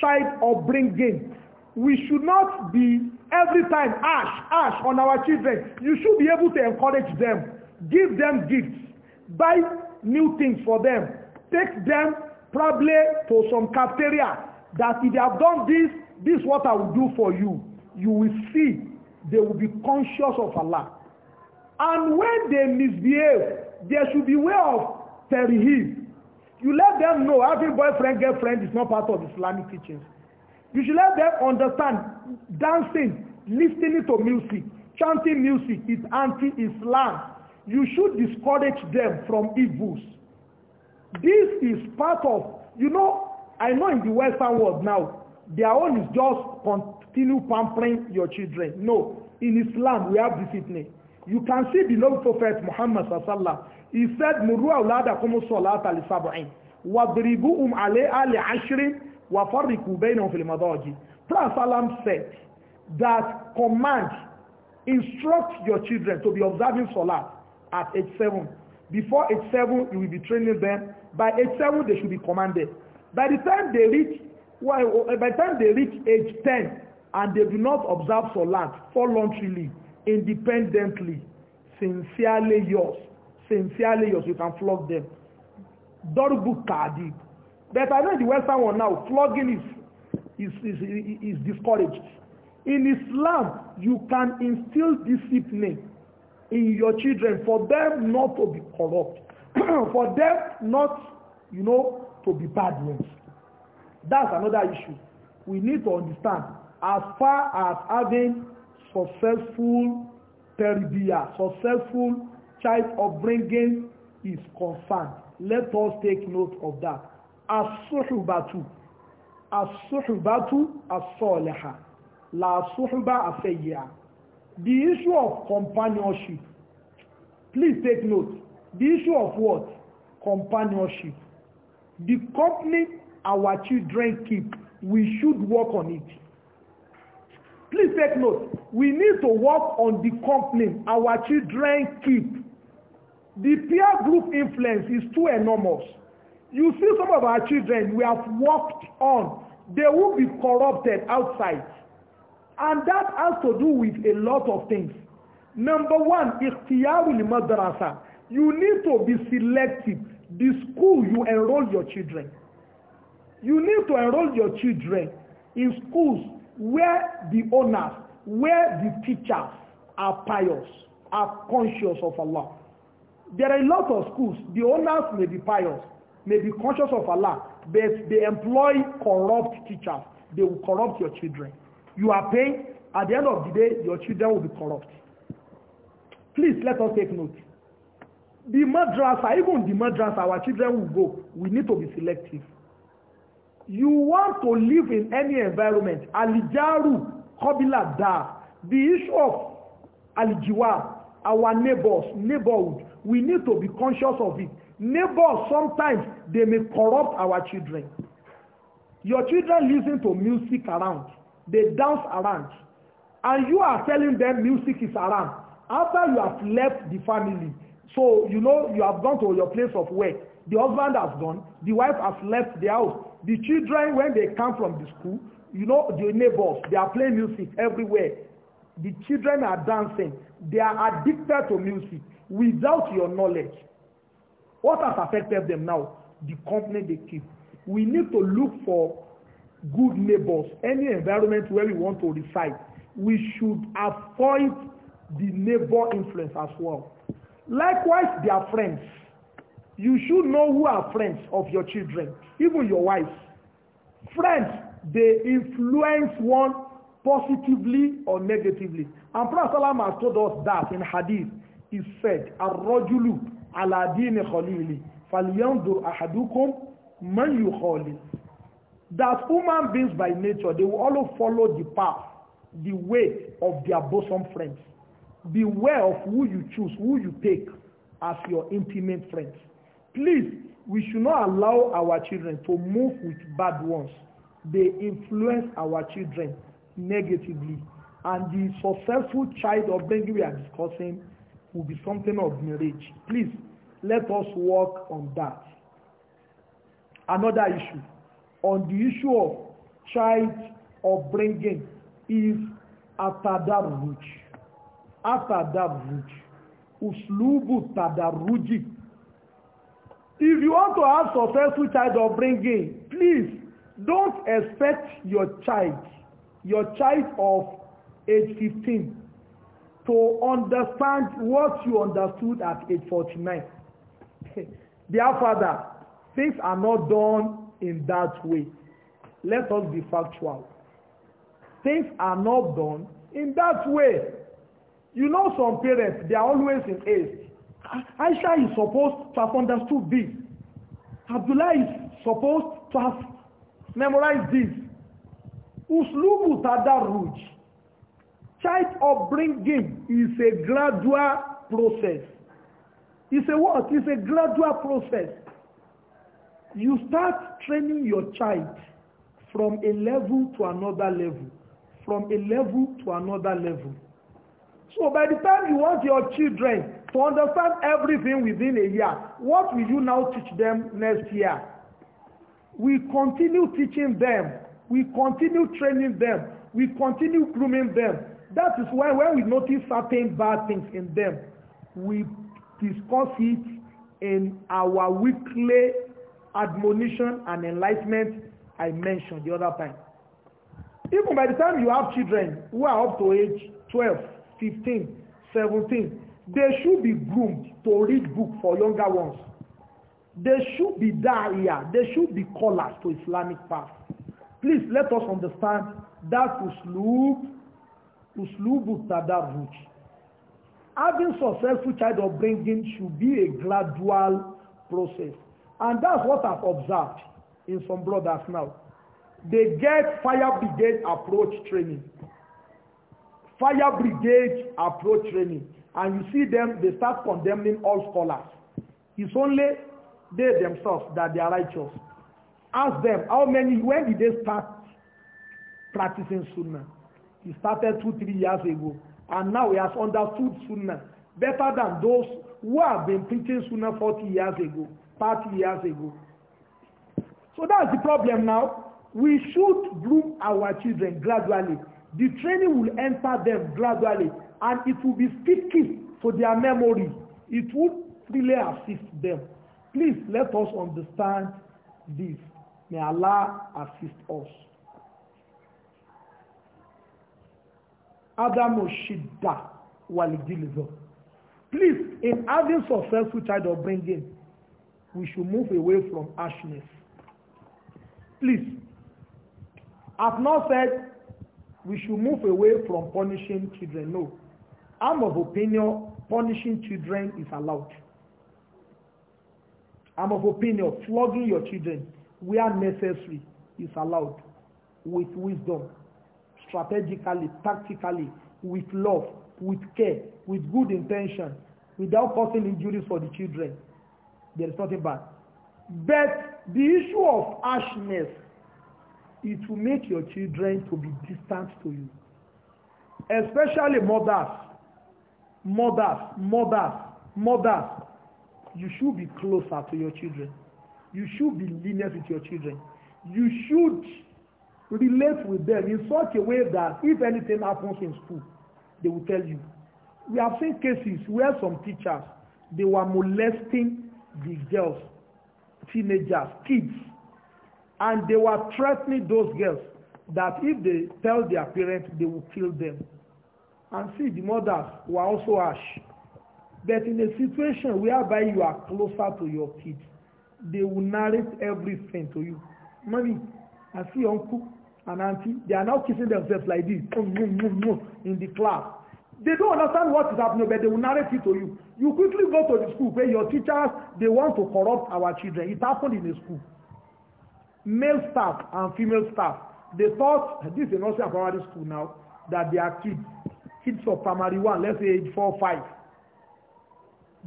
child upbringing, we should not be every time ash, ash on our children. You should be able to encourage them, give them gifts, by new things for them. Take them probably to some cafeteria that if they have done this, this what I will do for you. You will see they will be conscious of Allah. And when they misbehave, there should be way of terhib. You let them know having boyfriend, girlfriend is not part of Islamic teachings. You should let them understand dancing, listening to music, chanting music is anti-Islam you should discourage them from evils. This is part of, you know, I know in the Western world now, their own is just continue pampering your children. No, in Islam we have discipline. You can see the Lord Prophet Muhammad sallallahu He said, "Muru kumu salat al sab'in, wadribuhum alayha li ashrin, wa farriqu bainahum fil madaji." Prophet Sallam said that command, instruct your children to be observing salat at age seven, Before age seven, you will be training them. By age seven, they should be commanded. By the time they reach, well, uh, by the time they reach age ten, and they do not observe Salat voluntarily, independently, sincerely yours, sincerely yours, you can flog them. Dorbu Kadib. But I know the Western one now, flogging is, is, is, is discouraged. In Islam, you can instill discipline in your children for them not to be corrupt, for them not, you know, to be bad ones. That's another issue. We need to understand as far as having successful terbiya, successful child upbringing is concerned. Let us take note of that. As-suhubatu. As-suhubatu as-soleha. La suhuba as The issue of companionship. Please take note. The issue of what? Companionship. The company our children keep, we should work on it. Please take note. We need to work on the company our children keep. The peer group influence is too enormous. You see some of our children we have worked on, they will be corrupted outside And that has to do with a lot of things. Number one, ikhtiyarul madrasa. You need to be selective. The school you enroll your children. You need to enroll your children in schools where the owners, where the teachers are pious, are conscious of Allah. There are a lot of schools, the owners may be pious, may be conscious of Allah, but they employ corrupt teachers. They will corrupt your children you are paying, at the end of the day, your children will be corrupt. Please let us take note. The madrasa, even the madrasa, our children will go. We need to be selective. You want to live in any environment. Alijaru, Kobila Da. The issue of Alijiwa, our neighbors, neighborhood, we need to be conscious of it. Neighbors, sometimes they may corrupt our children. Your children listen to music around they dance around and you are telling them music is around after you have left the family so you know you have gone to your place of work the husband has gone the wife has left the house the children when they come from the school you know the neighbors they are playing music everywhere the children are dancing they are addicted to music without your knowledge what has affected them now the company they keep we need to look for good neighbors, any environment where we want to reside, we should avoid the neighbor influence as well. Likewise, their friends. You should know who are friends of your children, even your wife. Friends, they influence one positively or negatively. And Prophet Salam has told us that in Hadith, he said, Ar-rajulu ala dini khalili, falyandur ahadukum man yukhalil that human beings by nature, they will always follow the path, the way of their bosom friends. Beware of who you choose, who you take as your intimate friends. Please, we should not allow our children to move with bad ones. They influence our children negatively. And the successful child of upbringing we are discussing will be something of marriage. Please, let us work on that. Another issue on the issue of child upbringing is atadarruj atadarruj uslubu tadarruji if you want to have successful child upbringing please don't expect your child your child of age 15 to understand what you understood at age 49 dear father things are not done in that way. Let us be factual. Things are not done in that way. You know some parents, they are always in haste. Aisha is supposed to have understood this. Abdullah is supposed to have memorized this. Uslubu Tadarruj. Child upbringing is a gradual process. It's a what? It's a gradual process you start training your child from a level to another level from a level to another level so by the time you want your children to understand everything within a year what will you now teach them next year we continue teaching them we continue training them we continue grooming them that is why when we notice certain bad things in them we discuss it in our weekly admonition and enlightenment I mentioned the other time. Even by the time you have children who are up to age 12, 15, 17, they should be groomed to read book for younger ones. They should be da'iya. They should be callers to Islamic path. Please let us understand that uslub, uslubu tadarruj. Having successful child upbringing should be a gradual process. And that's what I've observed in some brothers now. They get fire brigade approach training. Fire brigade approach training. And you see them, they start condemning all scholars. It's only they themselves that they are righteous. Ask them, how many, when did they start practicing Sunnah? He started two, three years ago. And now he has understood Sunnah better than those who have been preaching Sunnah 40 years ago. 30 years ago. So that's the problem now. We should groom our children gradually. The training will enter them gradually and it will be sticky for their memory. It will really assist them. Please let us understand this. May Allah assist us. Adamu Shidda Walidilizo. Please, in having successful child upbringing, we should move away from harshness. Please, I've not said we should move away from punishing children. No. I'm of opinion punishing children is allowed. I'm of opinion flogging your children where necessary is allowed with wisdom, strategically, tactically, with love, with care, with good intention, without causing injuries for the children there is nothing bad. But the issue of harshness, it will make your children to be distant to you. Especially mothers. Mothers, mothers, mothers. You should be closer to your children. You should be lenient with your children. You should relate with them in such a way that if anything happens in school, they will tell you. We have seen cases where some teachers, they were molesting the girls, teenagers, kids. And they were threatening those girls that if they tell their parents, they will kill them. And see, the mothers were also harsh. But in a situation whereby you are closer to your kids, they will narrate everything to you. Mommy, I see uncle and auntie, they are now kissing themselves like this mm, mm, mm, in the class. They don't understand what is happening, but they will narrate it to you. You quickly go to the school where your teachers, they want to corrupt our children. It happened in a school. Male staff and female staff, they thought, this is a nursery and primary school now, that they are kids. Kids of primary one, let's say age four, five.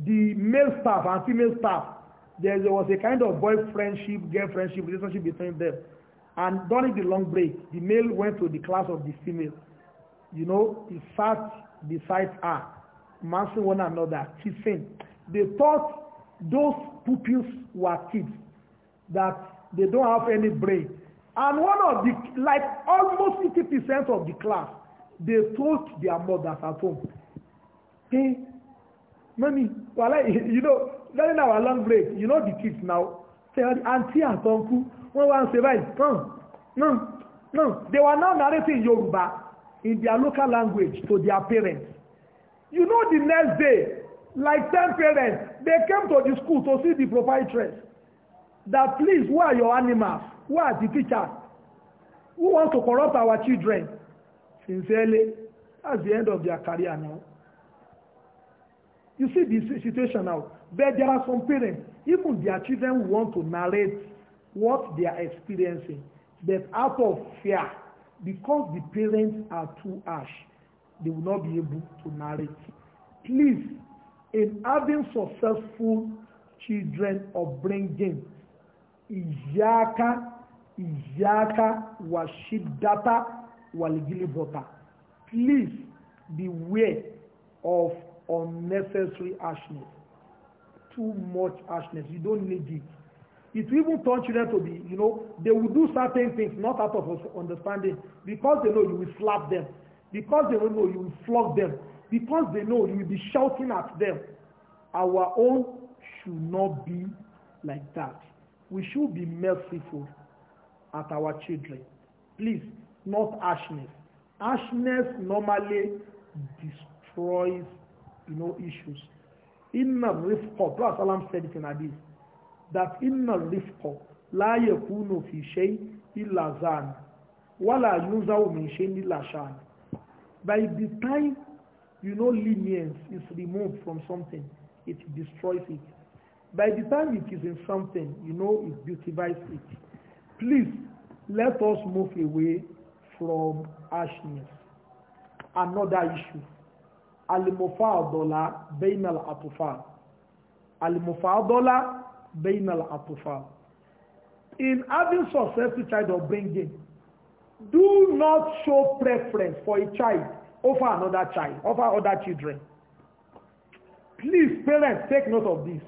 The male staff and female staff, there, there was a kind of boy friendship, girl friendship, relationship between them. And during the long break, the male went to the class of the female you know, he sat beside her, massing one another, kissing. They thought those pupils were kids, that they don't have any brain. And one of the, like almost 50% of the class, they told their mothers at home, hey, mommy, well, I, you know, during our long break, you know the kids now, tell auntie and uncle, one one survive. no, no, no. They were now narrating Yoruba in their local language to their parents. You know the next day, like 10 parents, they came to the school to see the proprietress. That please, who are your animals? Who are the teachers? Who wants to corrupt our children? Sincerely, that's the end of their career now. You see the situation now. But there are some parents, even their children want to narrate what they are experiencing. But out of fear, because the parents are too harsh, they will not be able to narrate. Please, in having successful children upbringing, Iyaka, Iyaka, Washidata, Waligilibota. Please beware of unnecessary harshness. Too much harshness. You don't need it. It even taught children to be, you know, they will do certain things not out of understanding because they know you will slap them, because they know you will flog them, because they know you will be shouting at them. Our own should not be like that. We should be merciful at our children. Please, not harshness. Harshness normally destroys, you know, issues. Inna rifqa, Prophet said it in Hadith that inna rifkọ láàyè kúnnù fi ṣe ìlà zan wàlà yúnzà omi ṣe nílà ṣan by the time you know lenience is removed from something it destroys it by the time it is in something you know it beautifies it please let us move away from harshness another issue Alimofa alimofadola bainal atufa adola bainal atufal in having successful child upbringing do not show preference for a child over another child over other children please parents take note of this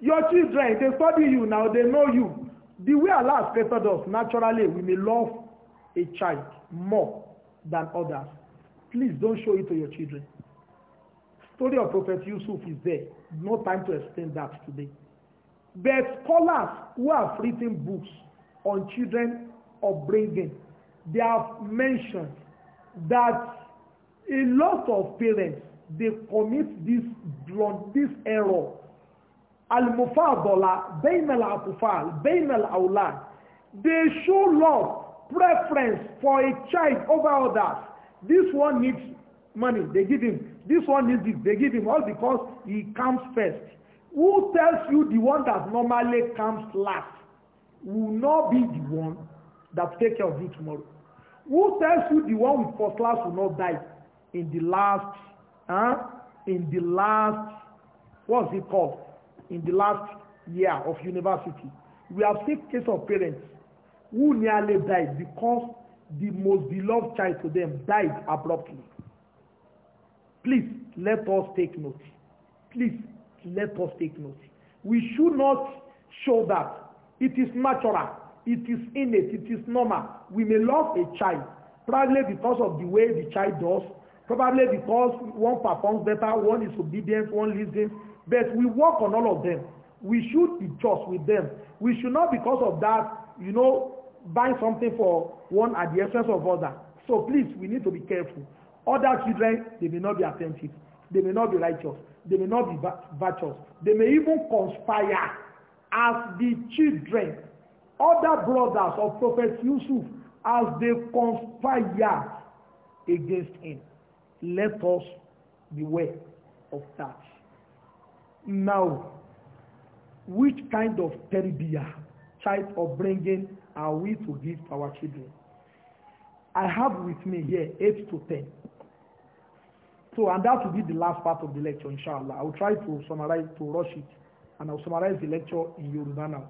your children they study you now they know you the way Allah has created us naturally we may love a child more than others please don't show it to your children story of prophet yusuf is there no time to explain that today But scholars who have written books on children upbringing, they have mentioned that a lot of parents, they commit this blunt, this error. Al-Mufadola, Bain al-Akufal, Bain al-Awlad. They show love, preference for a child over others. This one needs money, they give him. This one needs it, they give him. All because he comes first who tells you the one that normally comes last will not be the one that take care of you tomorrow? Who tells you the one with first class will not die in the last, huh? in the last, what's it called? In the last year of university. We have seen case of parents who nearly died because the most beloved child to them died abruptly. Please, let us take note. Please, let us take note. We should not show that. It is natural. It is innate. It is normal. We may love a child, probably because of the way the child does, probably because one performs better, one is obedient, one listens. But we work on all of them. We should be just with them. We should not, because of that, you know, buy something for one at the expense of other. So please, we need to be careful. Other children, they may not be attentive. They may not be righteous. They may not be virtuous. They may even conspire as the children, other brothers of Prophet Yusuf, as they conspire against him. Let us beware of that. Now, which kind of terbiyah, child bringing, are we to give our children? I have with me here 8 to 10. So, and that will be the last part of the lecture, inshallah. I will try to summarize, to rush it, and I will summarize the lecture in Yoruba now,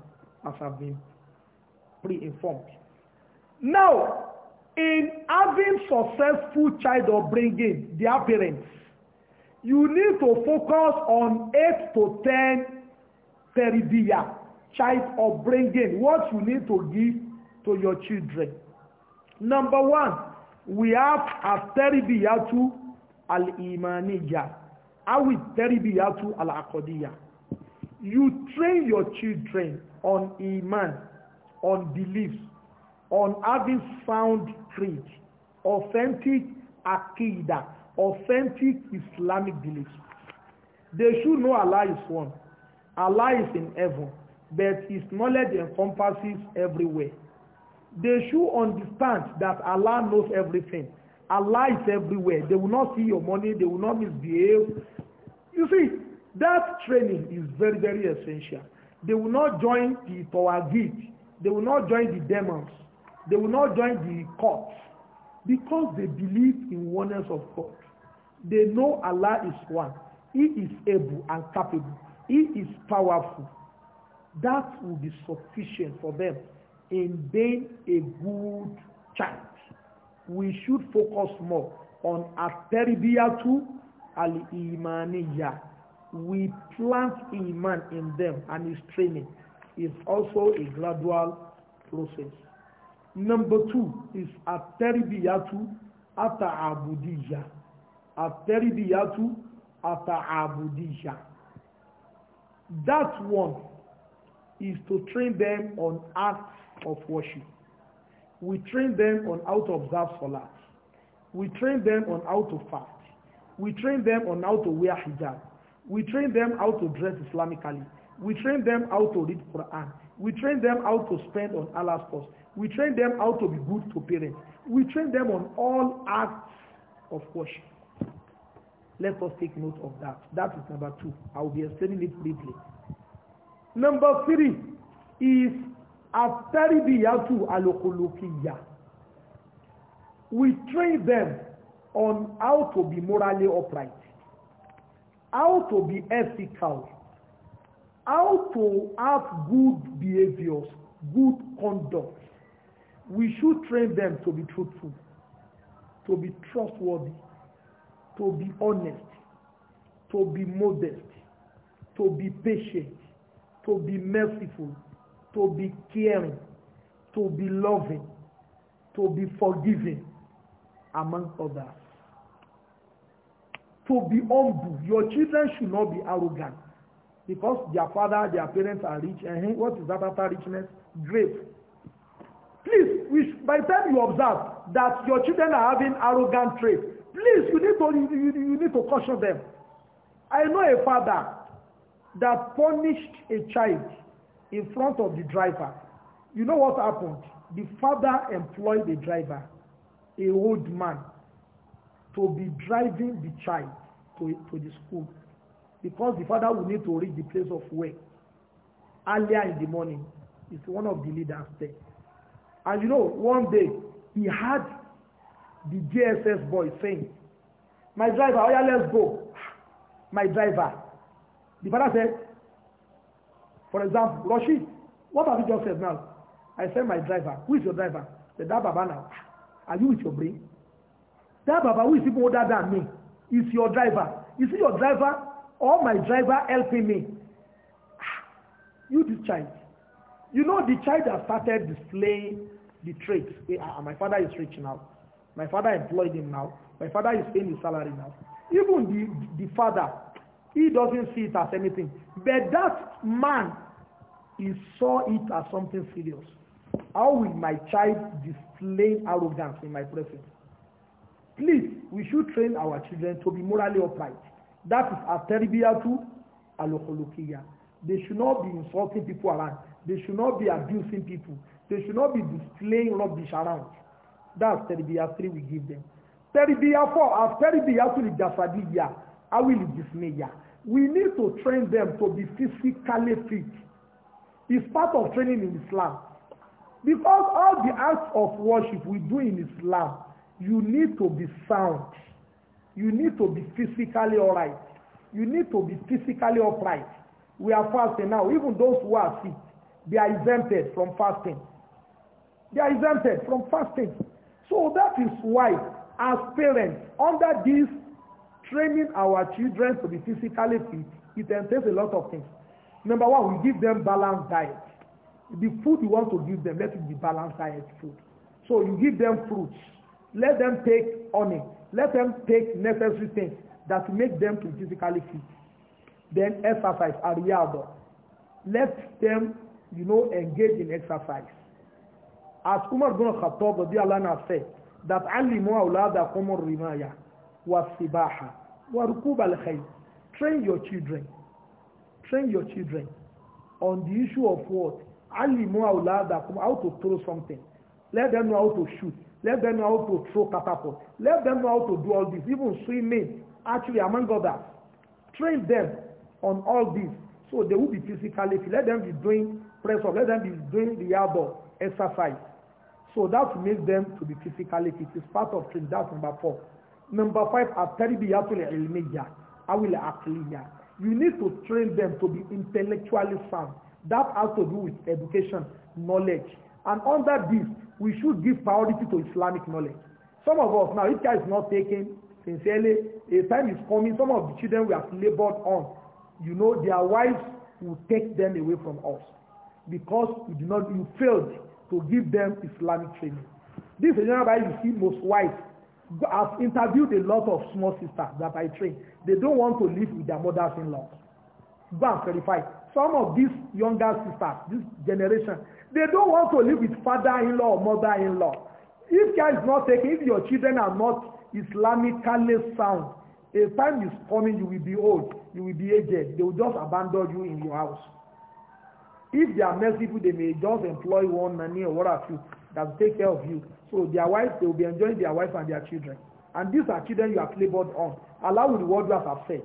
as I've been pre-informed. Now, in having successful child upbringing, their parents, you need to focus on 8 to 10 teridia, child upbringing, what you need to give to your children. Number one, we have a teridia too, al-imaniya awi tẹ́rìbìyàtú al-akọ̀díyà you train your children on iman on beliefs on having sound faith authentic akida authentic islamic beliefs they should know allah is one allah is in heaven but his knowledge encompasses everywhere they should understand that allah knows everything Allah is everywhere. They will not see your money. They will not misbehave. You see, that training is very, very essential. They will not join the Tawagit. They will not join the demons. They will not join the cults because they believe in oneness of God. They know Allah is one. He is able and capable. He is powerful. That will be sufficient for them in being a good child we should focus more on at-tarbiyatu al-imaniya. We plant iman in them and its training is also a gradual process. Number two is at-tarbiyatu at-ta'abudiyya. At-tarbiyatu That one is to train them on acts of worship. We train them on how to observe salah. We train them on how to fast. We train them on how to wear hijab. We train them how to dress Islamically. We train them how to read Quran. We train them how to spend on Allah's cause. We train them how to be good to parents. We train them on all acts of worship. Let us take note of that. That is number two. I will be explaining it briefly. Number three is At-tarbiyatu al-khuluqiyya. We train them on how to be morally upright, how to be ethical, how to have good behaviors, good conduct. We should train them to be truthful, to be trustworthy, to be honest, to be modest, to be patient, to be merciful, to be caring, to be loving, to be forgiving among others. To be humble. Your children should not be arrogant because their father, their parents are rich. And eh, what is that after richness? Grace. Please, we, by the time you observe that your children are having arrogant traits, please, you need to, you, you need to caution them. I know a father that punished a child in front of the driver. You know what happened? The father employed the driver, a old man, to be driving the child to, to the school because the father would need to reach the place of work earlier in the morning. It's one of the leaders there. And you know, one day he had the JSS boy saying, My driver, oh yeah, let's go. My driver. The father said, For example, Roshi, what have you just said now? I said my driver. Who is your driver? The that Baba now. Are you with your brain? That Baba who is even older than me is your driver. Is he your driver or my driver helping me? You this child. You know the child that started displaying the traits. Ah, my father is rich now. My father employed him now. My father is paying his salary now. Even the, the father He doesn't see it as anything. But that man, he saw it as something serious. How will my child display arrogance in my presence? Please, we should train our children to be morally upright. That is a terrible al-khuluqiyya. They should not be insulting people around. They should not be abusing people. They should not be displaying rubbish around. That's terrible three we give them. Terrible four, as terrible to the jasadiyya awili jismiya we need to train them to be physically fit it's part of training in Islam because all the acts of worship we do in Islam you need to be sound you need to be physically alright you need to be physically upright we are fasting now even those who are sick they are exempted from fasting they are exempted from fasting so that is why as parents under this Training our children to be physically fit, it entails a lot of things. Number one, we give them balanced diet. The food you want to give them, let it be balanced diet food. So you give them fruits. Let them take honey. Let them take necessary things that make them to physically fit. Then exercise, ariado. Let them, you know, engage in exercise. As Umar bin Khattab, the Allah said, that Ali mu'awlada kumur rimaya wa sibaha warukub al-khayr train your children train your children on the issue of what alimu awladakum how to throw something let them know how to shoot let them know how to throw catapult let them know how to do all this even swimming actually among others train them on all this so they will be physically fit let them be doing press up let them be doing the outdoor exercise so that makes them to be physically fit it's part of training that's number four Number five, at-tarbiyatul ilmiya awil aqliya. You need to train them to be intellectually sound. That has to do with education, knowledge. And under this, we should give priority to Islamic knowledge. Some of us now, if care is not taken sincerely, a time is coming, some of the children we have labored on, you know, their wives will take them away from us because you do not, you failed to give them Islamic training. This is why you see most wives I've interviewed a lot of small sisters that I train. They don't want to live with their mothers-in-law. Go and verify. Some of these younger sisters, this generation, they don't want to live with father-in-law or mother-in-law. If care is not taken, if your children are not Islamically sound, a time is coming, you will be old, you will be aged. They will just abandon you in your house. If they are merciful, they may just employ one nanny or what have you that will take care of you. So their wives, they will be enjoying their wife and their children. And these are children you have labored on. Allow the reward you as I've said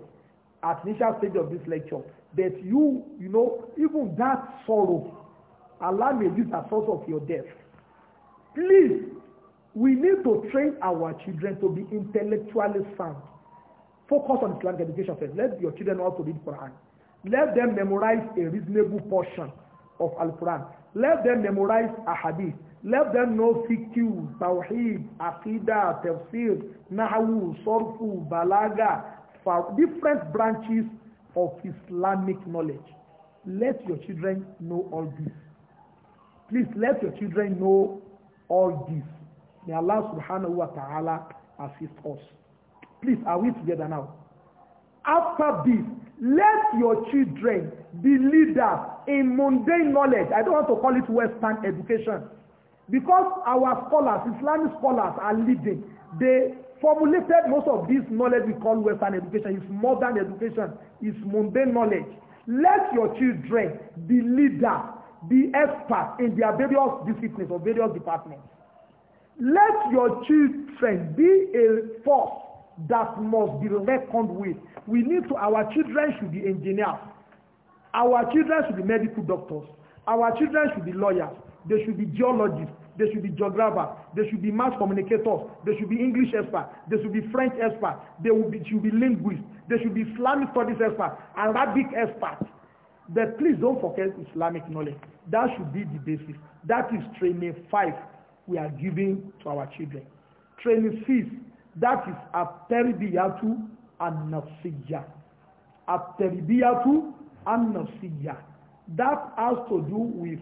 at initial stage of this lecture. That you, you know, even that sorrow, Allah may use as source of your death. Please, we need to train our children to be intellectually sound. Focus on Islamic education first. Let your children also read Quran. Let them memorize a reasonable portion of Al-Quran. Let them memorize a hadith. Let them know fiqh, tawhid, aqidah, tafsir, nahwu, sorfu, balaga, for different branches of Islamic knowledge. Let your children know all this. Please let your children know all this. May Allah subhanahu wa ta'ala assist us. Please, are we together now? After this, Let your children be leaders in mundane knowledge. I don't want to call it Western education. Because our scholars, Islamic scholars are leading. They formulated most of this knowledge we call Western education. It's modern education. It's mundane knowledge. Let your children be leaders, be experts in their various disciplines or various departments. Let your children be a force that must be reckoned with. We need to, our children should be engineers. Our children should be medical doctors. Our children should be lawyers. They should be geologists. They should be geographers. They should be mass communicators. They should be English experts. They should be French experts. They be, should be linguists. They should be Islamic studies experts, Arabic experts. But please don't forget Islamic knowledge. That should be the basis. That is training five we are giving to our children. Training six that is atẹ́rìbíyàtú anafsiya atẹ́rìbíyàtú anafsiya that has to do with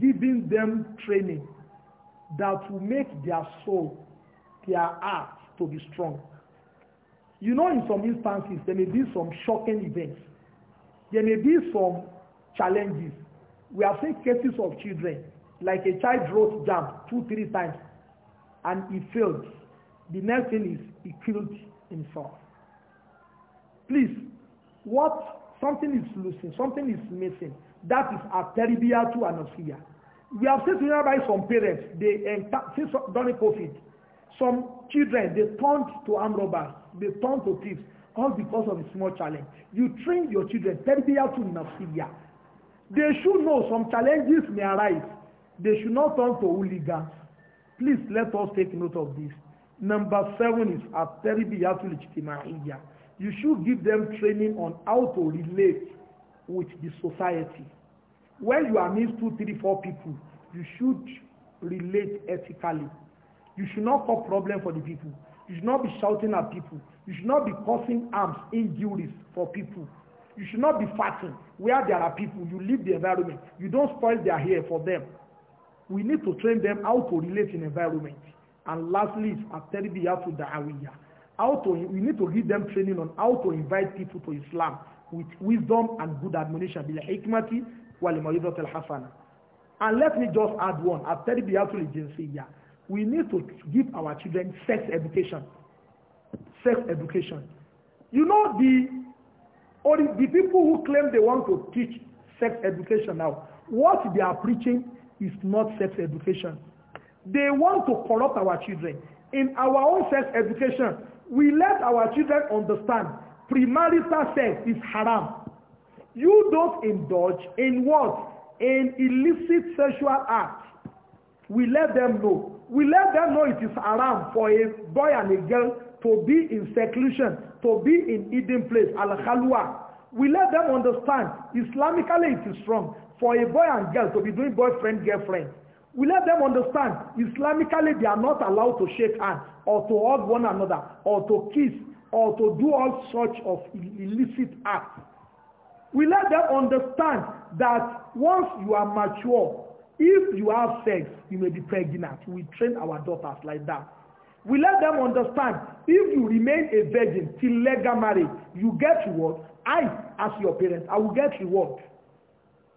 giving them training that will make their soul, their heart to be strong. You know, in some instances, there may be some shocking events. There may be some challenges. We have seen cases of children, like a child wrote jam two, three times, and he failed. The next thing is he killed himself. Please, what something is losing, something is missing. That is a terrible to anosia. We have seen by some parents, they since during COVID, some children they turned to arm robbers, they turned to thieves, all because of a small challenge. You train your children terrible to anosia. They should know some challenges may arise. They should not turn to hooligans. Please let us take note of this. Number seven is At-Tarbiyatul Ijtimaiyya. You should give them training on how to relate with the society. When you are meeting two, three, four people, you should relate ethically. You should not cause problem for the people. You should not be shouting at people. You should not be causing harms, injuries for people. You should not be fighting where there are people. You leave the environment. You don't spoil their hair for them. We need to train them how to relate in environment. And lastly, is at-tarbiyatu da'awiyya. How to, we need to give them training on how to invite people to Islam with wisdom and good admonition. Bila hikmati wal mawidhat al And let me just add one. At-tarbiyatu al-jinsiyya. We need to give our children sex education. Sex education. You know the or the people who claim they want to teach sex education now, what they are preaching is not sex education. They want to corrupt our children. In our own sex education, we let our children understand premarital sex is haram. You don't indulge in what? In illicit sexual acts. We let them know. We let them know it is haram for a boy and a girl to be in seclusion, to be in hidden place, al-khalwa. We let them understand Islamically it is wrong for a boy and girl to be doing boyfriend, girlfriend. We let them understand Islamically they are not allowed to shake hands or to hug one another or to kiss or to do all sorts of illicit acts. We let them understand that once you are mature, if you have sex, you may be pregnant. We train our daughters like that. We let them understand if you remain a virgin till legal marriage, you get reward. I, as your parents, I will get reward.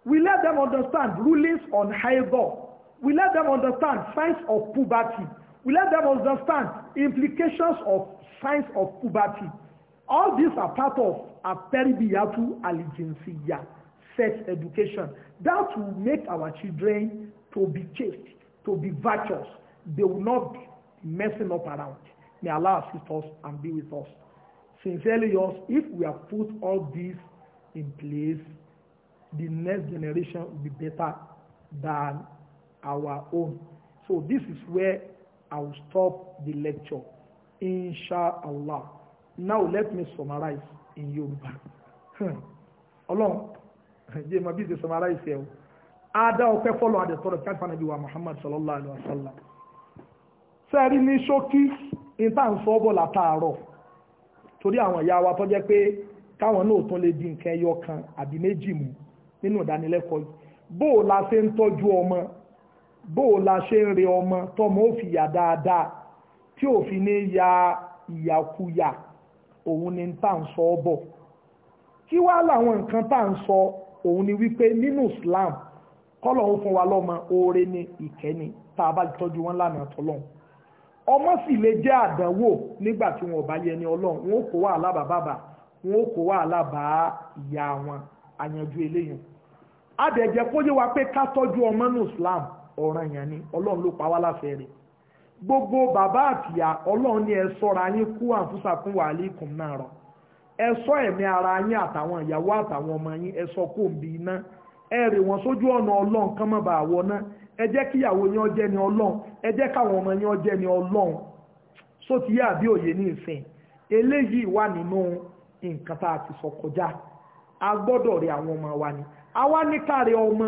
We let them understand rulings on high God We let them understand signs of puberty. We let them understand implications of signs of puberty. All these are part of a peribiyatu aligensiya, sex education. That will make our children to be chaste, to be virtuous. They will not be messing up around. May Allah assist us and be with us. Sincerely yours, if we have put all this in place, the next generation will be better than our own. So this is where I will stop the lecture. Inshallah. Now let me summarize in Yoruba. Hmm. Along, jẹ́ my business summarize yẹ̀ o. Ada ọpẹ́ fọ́lọ́ àdẹ̀tọ́rọ̀ káfà nàbí wa Muhammad sallallahu alayhi wa sallam. Sẹ́ẹ̀rí ní ṣókí ìta ń sọ bọ̀ látàárọ̀. Torí àwọn ìyá wa tó jẹ́ pé káwọn náà tún lè di nǹkan ẹyọ kan àbí méjì mú nínú ìdánilẹ́kọ̀ọ́ yìí. Bó o la ṣe ń tọ́jú ọmọ bó o la ṣe ń re ọmọ tọmọ ó fi yà dáadáa tí ò ní ya ìyàkuyà òun ni tá à ń sọ ọ bọ̀ kí wá làwọn nǹkan tá à ń sọ òun ni wípé nínú Islam kọ́lọ́hún fún wa lọ́mọ oore ni ìkẹ́ni tá a bá tọ́jú wọn lánàá tọ́lọ́hún ọmọ sì lè jẹ́ àdánwò nígbà tí wọn ò bá yẹ ni ọlọ́run wọn ò kó wàhálà bá bàbà wọn ò kó wàhálà bá ìyá wọn àyànjú eléyìí adẹ̀jẹ̀ kó yé wa pé ká tọ́jú ọmọ ní Islam ọ̀ràn yẹn ni ọlọ́run ló pa wá láfẹ́ rẹ̀ gbogbo bàbá àtìyà ọlọ́run ni ẹ sọ́ra yín kú fún wà lẹ́kùn náà rọ ẹ sọ ẹ̀mí ara yín àtàwọn ìyàwó àtàwọn ọmọ yín ẹ sọ kó bí iná ẹ rè wọ́n sójú ọ̀nà ọlọ́run kán mọ́ bá àwọ̀ náà ẹ jẹ́ kíyàwó yín ọjẹ́ ni ọlọ́run ẹ jẹ́ káwọn ọmọ yín ọjẹ́ ni ọlọ́run só ti yé àbí òye ní ìsìn eléyìí wà nínú nǹkan tá a ti sọ kọjá a gbọ́dọ̀ rí àwọn ọmọ wa ni àwa ní káre ọmọ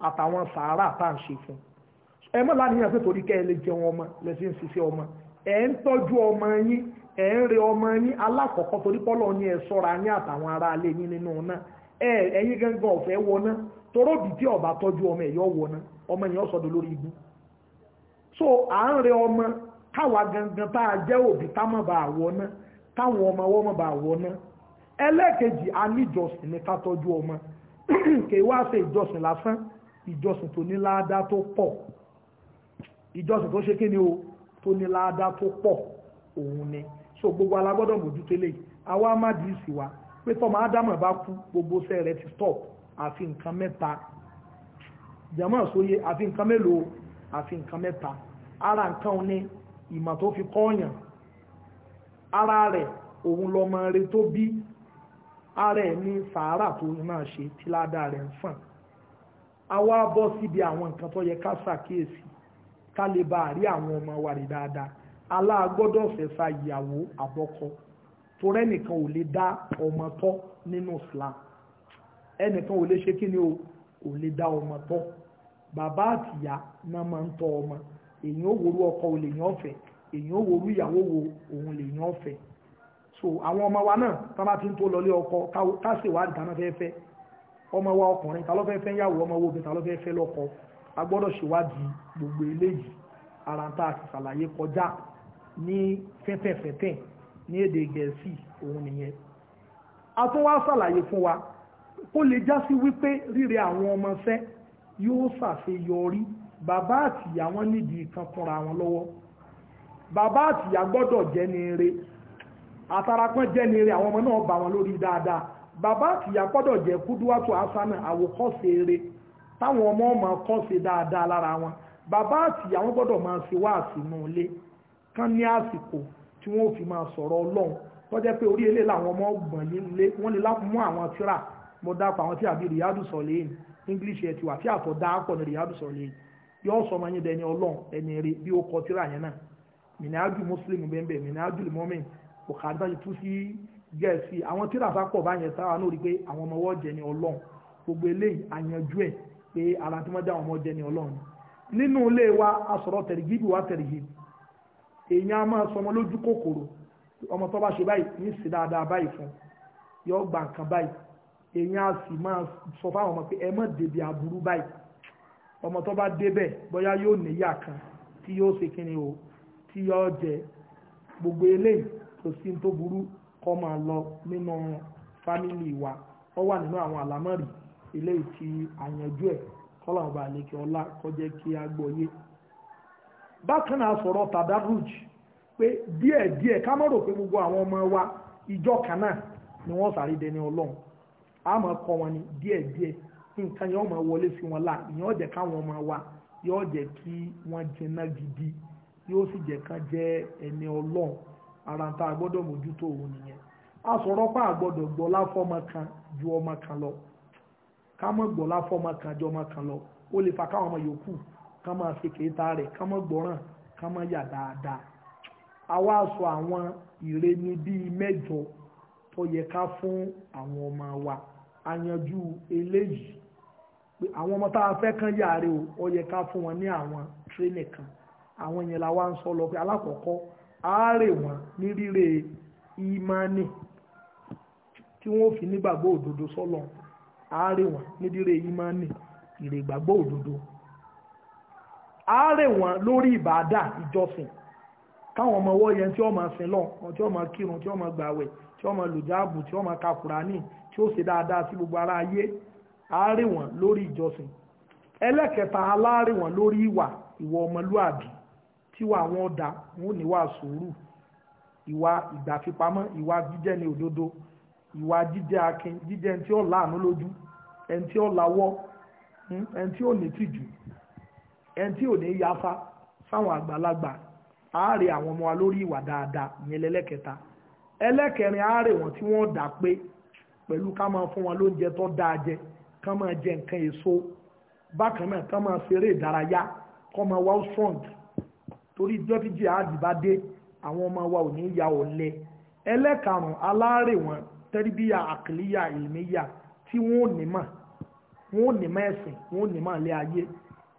àtàwọn sàárà tá à ń ṣe fún ẹ mọ́ láníyàn pé torí kẹ́ ẹ lè jẹun ọmọ lẹ́sìn ṣiṣẹ́ ọmọ ẹ̀ ń tọ́jú ọmọ yín ẹ̀ ń re ọmọ yín alákọ̀ọ́kọ́ torí pọ́lọ́ ni ẹ sọ́ra yín àtàwọn ará ilé yín nínú náà ẹ ẹ̀yin gangan ọ̀fẹ́ wọná toró bì tí ọba tọ́jú ọmọ ẹ̀ yọ wọná ọmọ yẹn ọ̀sọ̀dọ̀ lórí igun so à ń re ọmọ káwa gangan tá a jẹ́ òbí tá mọ̀ bá wọná táwọn ọmọ wọn mọ̀ bá wọná ẹlẹ́ẹ̀kejì a níjọsìn ní ká tọ́jú ọmọ kèé wá ṣe ìjọsìn lásán ìjọsìn tó ní láádá tó pọ̀ ìjọsìn tó ṣe kí ni o tó ní láádá tó pọ̀ òun ni so gbogbo alágbọ́dọ̀ mójútó eléyìí àwa má dì í sí wa pé tọ́mọ ádámọ̀ bá kú gbogbo sẹ́ rẹ ti stop àfi nǹkan mẹ́ta jàmọ́ sóye àfi nǹkan mélòó àfi nǹkan mẹ́ta ara nǹkan òun ni ìmọ̀ tó fi kọ́ọ̀yàn ara rẹ̀ òun lọmọ rẹ̀ tó bí ara ẹ̀ ní sàárà tó náà ṣe tí ládàá rẹ̀ ń fàn àwa bọ́ síbi àwọn nǹkan tó yẹ ká ṣàkíyèsí ká lè bá a rí àwọn ọmọ wa rí dáadáa aláàgbọ́dọ̀ fẹ̀sà ìyàwó àbọ́kọ torí ẹnìkan ò lè dá ọmọ tọ́ nínú Islam ẹnìkan ò lè ṣe kí ni o ò lè dá ọmọ tọ́ bàbá àtìyá náà máa ń tọ́ ọmọ èyàn òwòrú ọkọ ò lè yàn ọ̀fẹ́ èyàn òwòrú ìyàwó wo òun lè yàn ọ̀fẹ́ so àwọn ọmọ wa náà tá bá ọmọ wa ọkùnrin ta ló fẹ́ fẹ́ yàwó ọmọ wo obìnrin ta ló fẹ́ fẹ́ lọ́kọ a gbọ́dọ̀ ṣèwádìí gbogbo eléyìí ara ń tá a ṣàlàyé kọjá ní fẹ́tẹ̀fẹ́tẹ̀ ní èdè gẹ̀ẹ́sì òun nìyẹn a tún wá ṣàlàyé fún wa ó lè já sí wípé ríre àwọn ọmọ fẹ́ yóò ṣàṣeyọrí bàbá àtìyá wọn nídìí kan kúnra wọn lọ́wọ́ bàbá àtìyá gbọ́dọ̀ jẹ́ ni ire àtàràpọ̀ jẹ́ ni ire àwọn ọmọ náà bá wọn lórí dáadáa bàbá àtìyà gbọ́dọ̀ jẹ́ kúdúwàtò asánà àwòkọ́ṣe eré táwọn ọmọ ọmọ kọ́ṣe dáadáa lára wọn bàbá àtìyà wọn gbọ́dọ̀ máa ṣe wá àsìnú ilé kán ní àsìkò tí wọ́n fi máa sọ̀rọ̀ ọlọ́run tó jẹ́ pé orí ilé làwọn ọmọ ọgbọ̀n ilé wọ́n lè mú àwọn tíra mo dápọ̀ àwọn tí àbí rìyádù sọ̀lẹ́yìn english ẹ̀ ti wà tí àtọ̀ dápọ̀ ní rìyádù sọ̀lẹ́yìn yóò sọ ọmọ yín dẹni ọlọ́run ẹni rí bí ó kọ gẹ̀ẹ́sì àwọn tíra sápọ̀ báyẹn táwa náà rí pé àwọn ọmọ ọwọ́ jẹ ní ọlọ́run gbogbo eléyìí àyànjú ẹ̀ pé ara tí wọ́n dá àwọn ọmọ jẹ ní ọlọ́run nínú ilé wa asọ̀rọ̀ tẹ̀rìgìbì wa tẹ̀rìgìbì èèyàn a máa sọmọ lójú kòkòrò ọmọ tó bá ṣe báyìí ní sí dáadáa báyìí fún yọ gbà nǹkan báyìí èèyàn a sì máa sọ fáwọn ọmọ pé ẹ má débi aburú báyìí ọmọ tó bá débẹ̀ bóyá yóò níyà kan tí yóò ṣe kíni o tí yóò jẹ gbogbo eléyìí kọ́ máa lọ nínú fámìlì wa ó wà nínú àwọn àlámọ̀rí ilé ìtì àyànjú ẹ̀ kọ́lọ́n bá lè kí ọlá kọjẹ́ kí a gbọ́yé. sọ̀rọ̀ tadaruj pé díẹ̀díẹ̀ ká mọ̀ rò pé gbogbo àwọn ọmọ wa ìjọ kan náà ni wọ́n sáré dẹni ọlọ́run a máa kọ́ wọn ní díẹ̀díẹ̀ nǹkan yẹn wọlé sí wọn ìyẹn káwọn wa yóò jẹ́ kí wọ́n gidi yóò sì jẹ́ jẹ́ ẹni ọlọ́run ara tá a gbọ́dọ̀ mójútó òun nìyẹn a sọ̀rọ̀ pé a gbọ́dọ̀ gbọ́ láfọ́mọ kan ju ọmọ kan lọ ká mọ̀ gbọ́ láfọ́mọ kan ju ọmọ kan lọ ó lè fa káwọn ọmọ yòókù ká máa ṣe kéta rẹ̀ ká mọ̀ gbọ́ràn ká mọ̀ yà dáadáa a wá sọ àwọn ìreni bíi mẹ́jọ tó yẹ ká fún àwọn ọmọ wa a yanjú eléyìí àwọn ọmọ tá a fẹ́ kán yàrá o ó yẹ ká fún wọn ní àwọn tírénì kan àwọn yẹn la wá ń sọ lọ pé alákọ̀ọ́kọ́ àárè wọn ní rírè ìmánì tí wọn fi nígbàgbọ́ òdodo sọlọ àárè wọn ní rírè ìmánì ìrègbàgbọ́ òdodo àárè wọn lórí ìbàdà ìjọsìn káwọn ọmọ ọwọ́ yẹn tí wọ́n máa sin lọ tí wọ́n máa kírun tí wọ́n máa gbàwẹ̀ tí wọ́n máa lùjáàbù tí wọ́n máa ka kùránì tí ó ṣe dáadáa sí gbogbo ara ayé àárè lórí ìjọsìn ẹlẹ́kẹta aláàrè wọn lórí ìwà ìwọ ọmọlúàbí tíwà wọn ọ̀dà wọn ò ní wà sùúrù ìwà ìgbàfipamọ́ ìwà jíjẹ́ ní òdodo ìwà jíjẹ́ akin jíjẹ́ ẹni tí ó láàánú lójú ẹni tí ó lawọ́ hmm, ẹni tí ó ní tìjú ẹni tí ò ní yafa fáwọn àgbàlagbà àárẹ̀ àwọn ọmọ wa lórí ìwà dáadáa ìyẹn lẹ́lẹ́kẹta ẹlẹ́kẹrin àárẹ̀ wọn tí wọ́n dà pé pẹ̀lú ká máa fún wọn lóúnjẹ tó dáa jẹ ká máa jẹ nǹkan èso bákan náà ká máa ṣeré ìdárayá kọ́ máa wá strong torí ìjọ tí jihad bá dé àwọn ọmọ wa ò ní ya ọ̀lẹ ẹlẹ́karùn-ún aláàrè wọn tẹ́rìbíyà àkìlíyà ìmíyà tí wọ́n ò ní mọ̀ ò ní mọ̀ ẹ̀sìn ò ní ilé ayé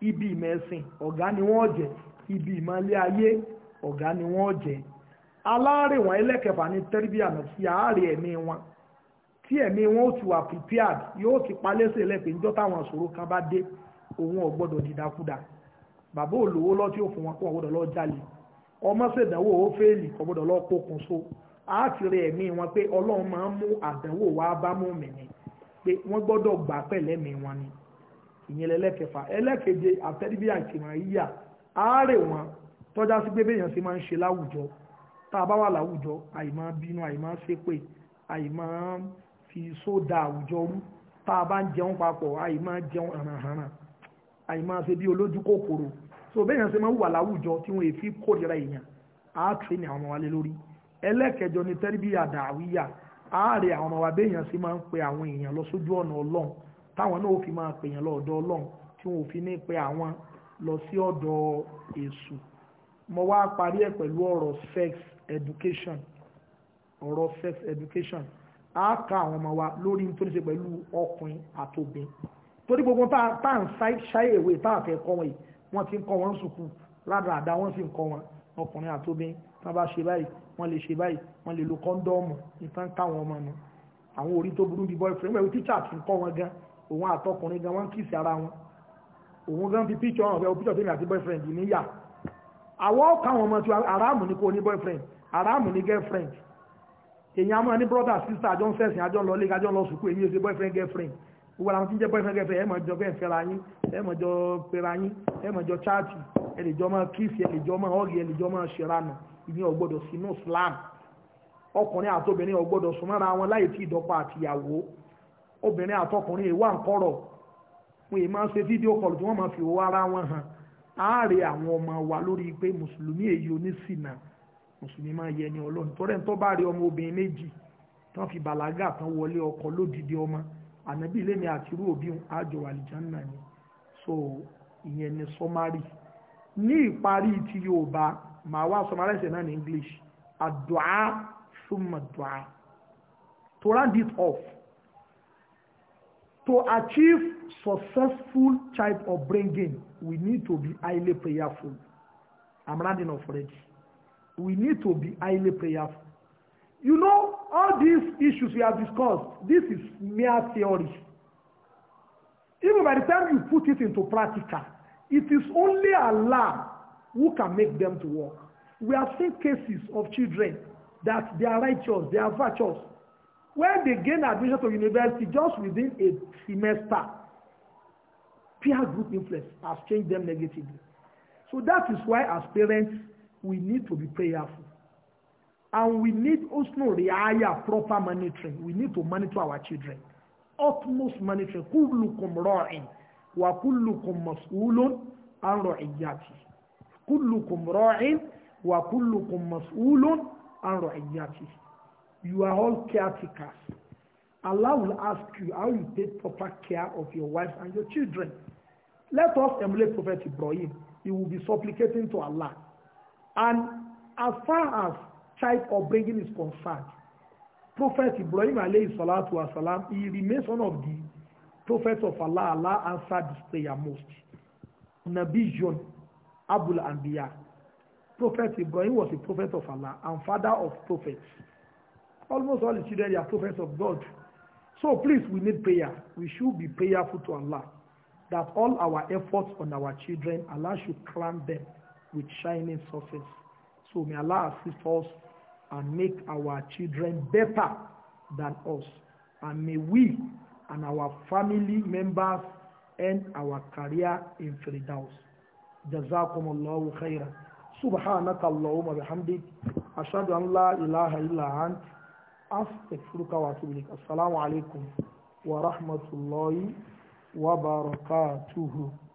ibi ìmọ̀ ẹ̀sìn ọ̀gá ni wọ́n jẹ́ ibi ìmọ̀ ilé ayé ọ̀gá ni wọ́n jẹ́ aláàrè wọn ẹlẹ́kẹfà ní tẹ́rìbíyà náà sí àárè ẹ̀mí wọn tí ẹ̀mí wọn ò ti wà prepared yóò ti palẹ́sẹ̀ lẹ́pẹ̀ẹ́jọ́ táwọn ìṣòro kan bá dé òun ò dìdakúdà bàbá olówó lọ tí ó fún wọn kó ọgbọ́dọ̀ lọ jalè ọmọ ṣèdánwò ó fẹ́ẹ̀lì ọgbọ́dọ̀ lọ pokùn so á ti rẹ ẹ̀mí wọn pé ọlọ́run máa ń mú àdánwò wá bá mú mìíní pé wọ́n gbọ́dọ̀ gbà pẹ̀lẹ́mì wọn ni ìyẹn lẹ́lẹ́kẹfà ẹlẹ́keje àtẹ́ríbí àtìmọ̀ yíyà áárè wọn tọ́já sí pé béèyàn ṣe máa ń ṣe láwùjọ tá a bá wà láwùjọ àìmọ́ bínú àìmọ́ ṣépè àìmọ́ fi sódà àwùjọ rú tá a bá ń jẹun papọ̀ àìmọ́ jẹun hànàhànà àìmọ́ ṣe bí olójú kòkòrò so bẹ́ẹ̀ yẹn ṣe máa ń wà láwùjọ tí wọ́n èéfín kórìíra èèyàn á tún ní àwọn ọmọ wa lé lórí ẹlẹ́kẹjọ ni tẹ́rìbíyà dàwíyà ààrẹ àwọn ọmọ wa bẹ́ẹ̀ yẹn ṣe máa ń pe àwọn èèyàn lọ sójú ọ̀nà ọlọ́run táwọn náà ó fi máa pèèyàn lọ ọ̀dọ̀ ọlọ́run tí wọn ò fi ní pe àwọn lọ sí ọ̀dọ̀ èṣù mo wá parí ẹ̀ pẹ̀lú ọ̀rọ̀ sex education ọ̀rọ̀ sex education á ka àwọn ọmọ wa lórí tó ní ṣe pẹ̀lú ọkùnrin àtòbìn torí gbogbo tá à ń ṣáyèwé tá à fẹ́ kọ́ wọn wọ́n ti ń kọ́ wọn sùkú ládàáda wọ́n sì ń kọ́ wọn ọkùnrin àtobin tán bá ṣe báyìí wọ́n lè ṣe báyìí wọ́n lè lo kọ́ńdọ́ọ̀mù nǹkan káwọn ọmọ nu àwọn orí tó burú bíi boyfriend wẹ́n tíṣà ti ń kọ́ wọn gan òun àtọkùnrin gan wọ́n kìsì ara wọn òun gan fi píṣọ ọ̀hún ọ̀fẹ́ píṣọ tèmi àti boyfriend yìí níyà àwọn káwọn ọmọ tí aráàmù ni kò ní boyfriend aráàmù ni girlfriend èèyàn á máa ní brother sister àjọ ń sẹ̀sìn àjọ ń lọ ilé àjọ ń lọ sùkúl boyfriend girlfriend gbogbo àwọn tí efe jẹ́ boyfriend girlfriend ẹ máa jọ bẹ́ẹ̀ fẹ́ra yín ẹ máa jọ fẹ́ra yín ẹ máa jọ chaati ẹ lè jọ máa kíìsì ẹ mara jọ máa ọ̀gì ẹ lè jọ máa ṣèrànà ọkùnrin ìwà wọn ṣe fídíò kọlù tí máa fi owó ara wọn hàn àwọn ọmọ wa lórí pé mùsùlùmí èyí mùsùlùmí máa yẹ ni ọlọ́run tọ́rẹ́ ń tọ́ bá rí ọmọ obìnrin méjì fi bàlágà tán wọlé lódìdí ànábì ilé mi àti òbí àjọ àlìjánà ni so ìyẹn ni sọmárì ní ìparí ti yorùbá màá wá sọmárì ẹsẹ náà ní english àdùá súnmọ̀dùá to round it off to achieve successful child upbringing we need to be highly prayerful i'm rounding off already we need to be highly prayerful You know, all these issues we have discussed, this is mere theory. Even by the time you put it into practical, it is only Allah who can make them to work. We have seen cases of children that they are righteous, they are virtuous. When they gain admission to university just within a semester, peer group influence has changed them negatively. So that is why as parents, we need to be prayerful and we need husnu riaya proper monitoring we need to monitor our children utmost monitoring kullukum ra'in wa kullukum mas'ulun an ra'iyati kullukum ra'in wa kullukum mas'ulun an ra'iyati you are all caretakers Allah will ask you how you take proper care of your wife and your children let us emulate prophet Ibrahim he will be supplicating to Allah and as far as child upbringing is concerned, Prophet Ibrahim alayhi salatu wasalam, he remains one of the prophets of Allah. Allah answered his prayer most. Nabi John, Abul Anbiya. Prophet Ibrahim was a prophet of Allah and father of prophets. Almost all the children are prophets of God. So please, we need prayer. We should be prayerful to Allah that all our efforts on our children, Allah should crown them with shining success. So may Allah assist us and make our children better than us. And may we and our family members end our career in Firdaus. جزاكم الله خيرا سبحانك اللهم وبحمدك أشهد أن لا إله إلا أنت أستغفرك وأتوب إليك السلام عليكم ورحمة الله وبركاته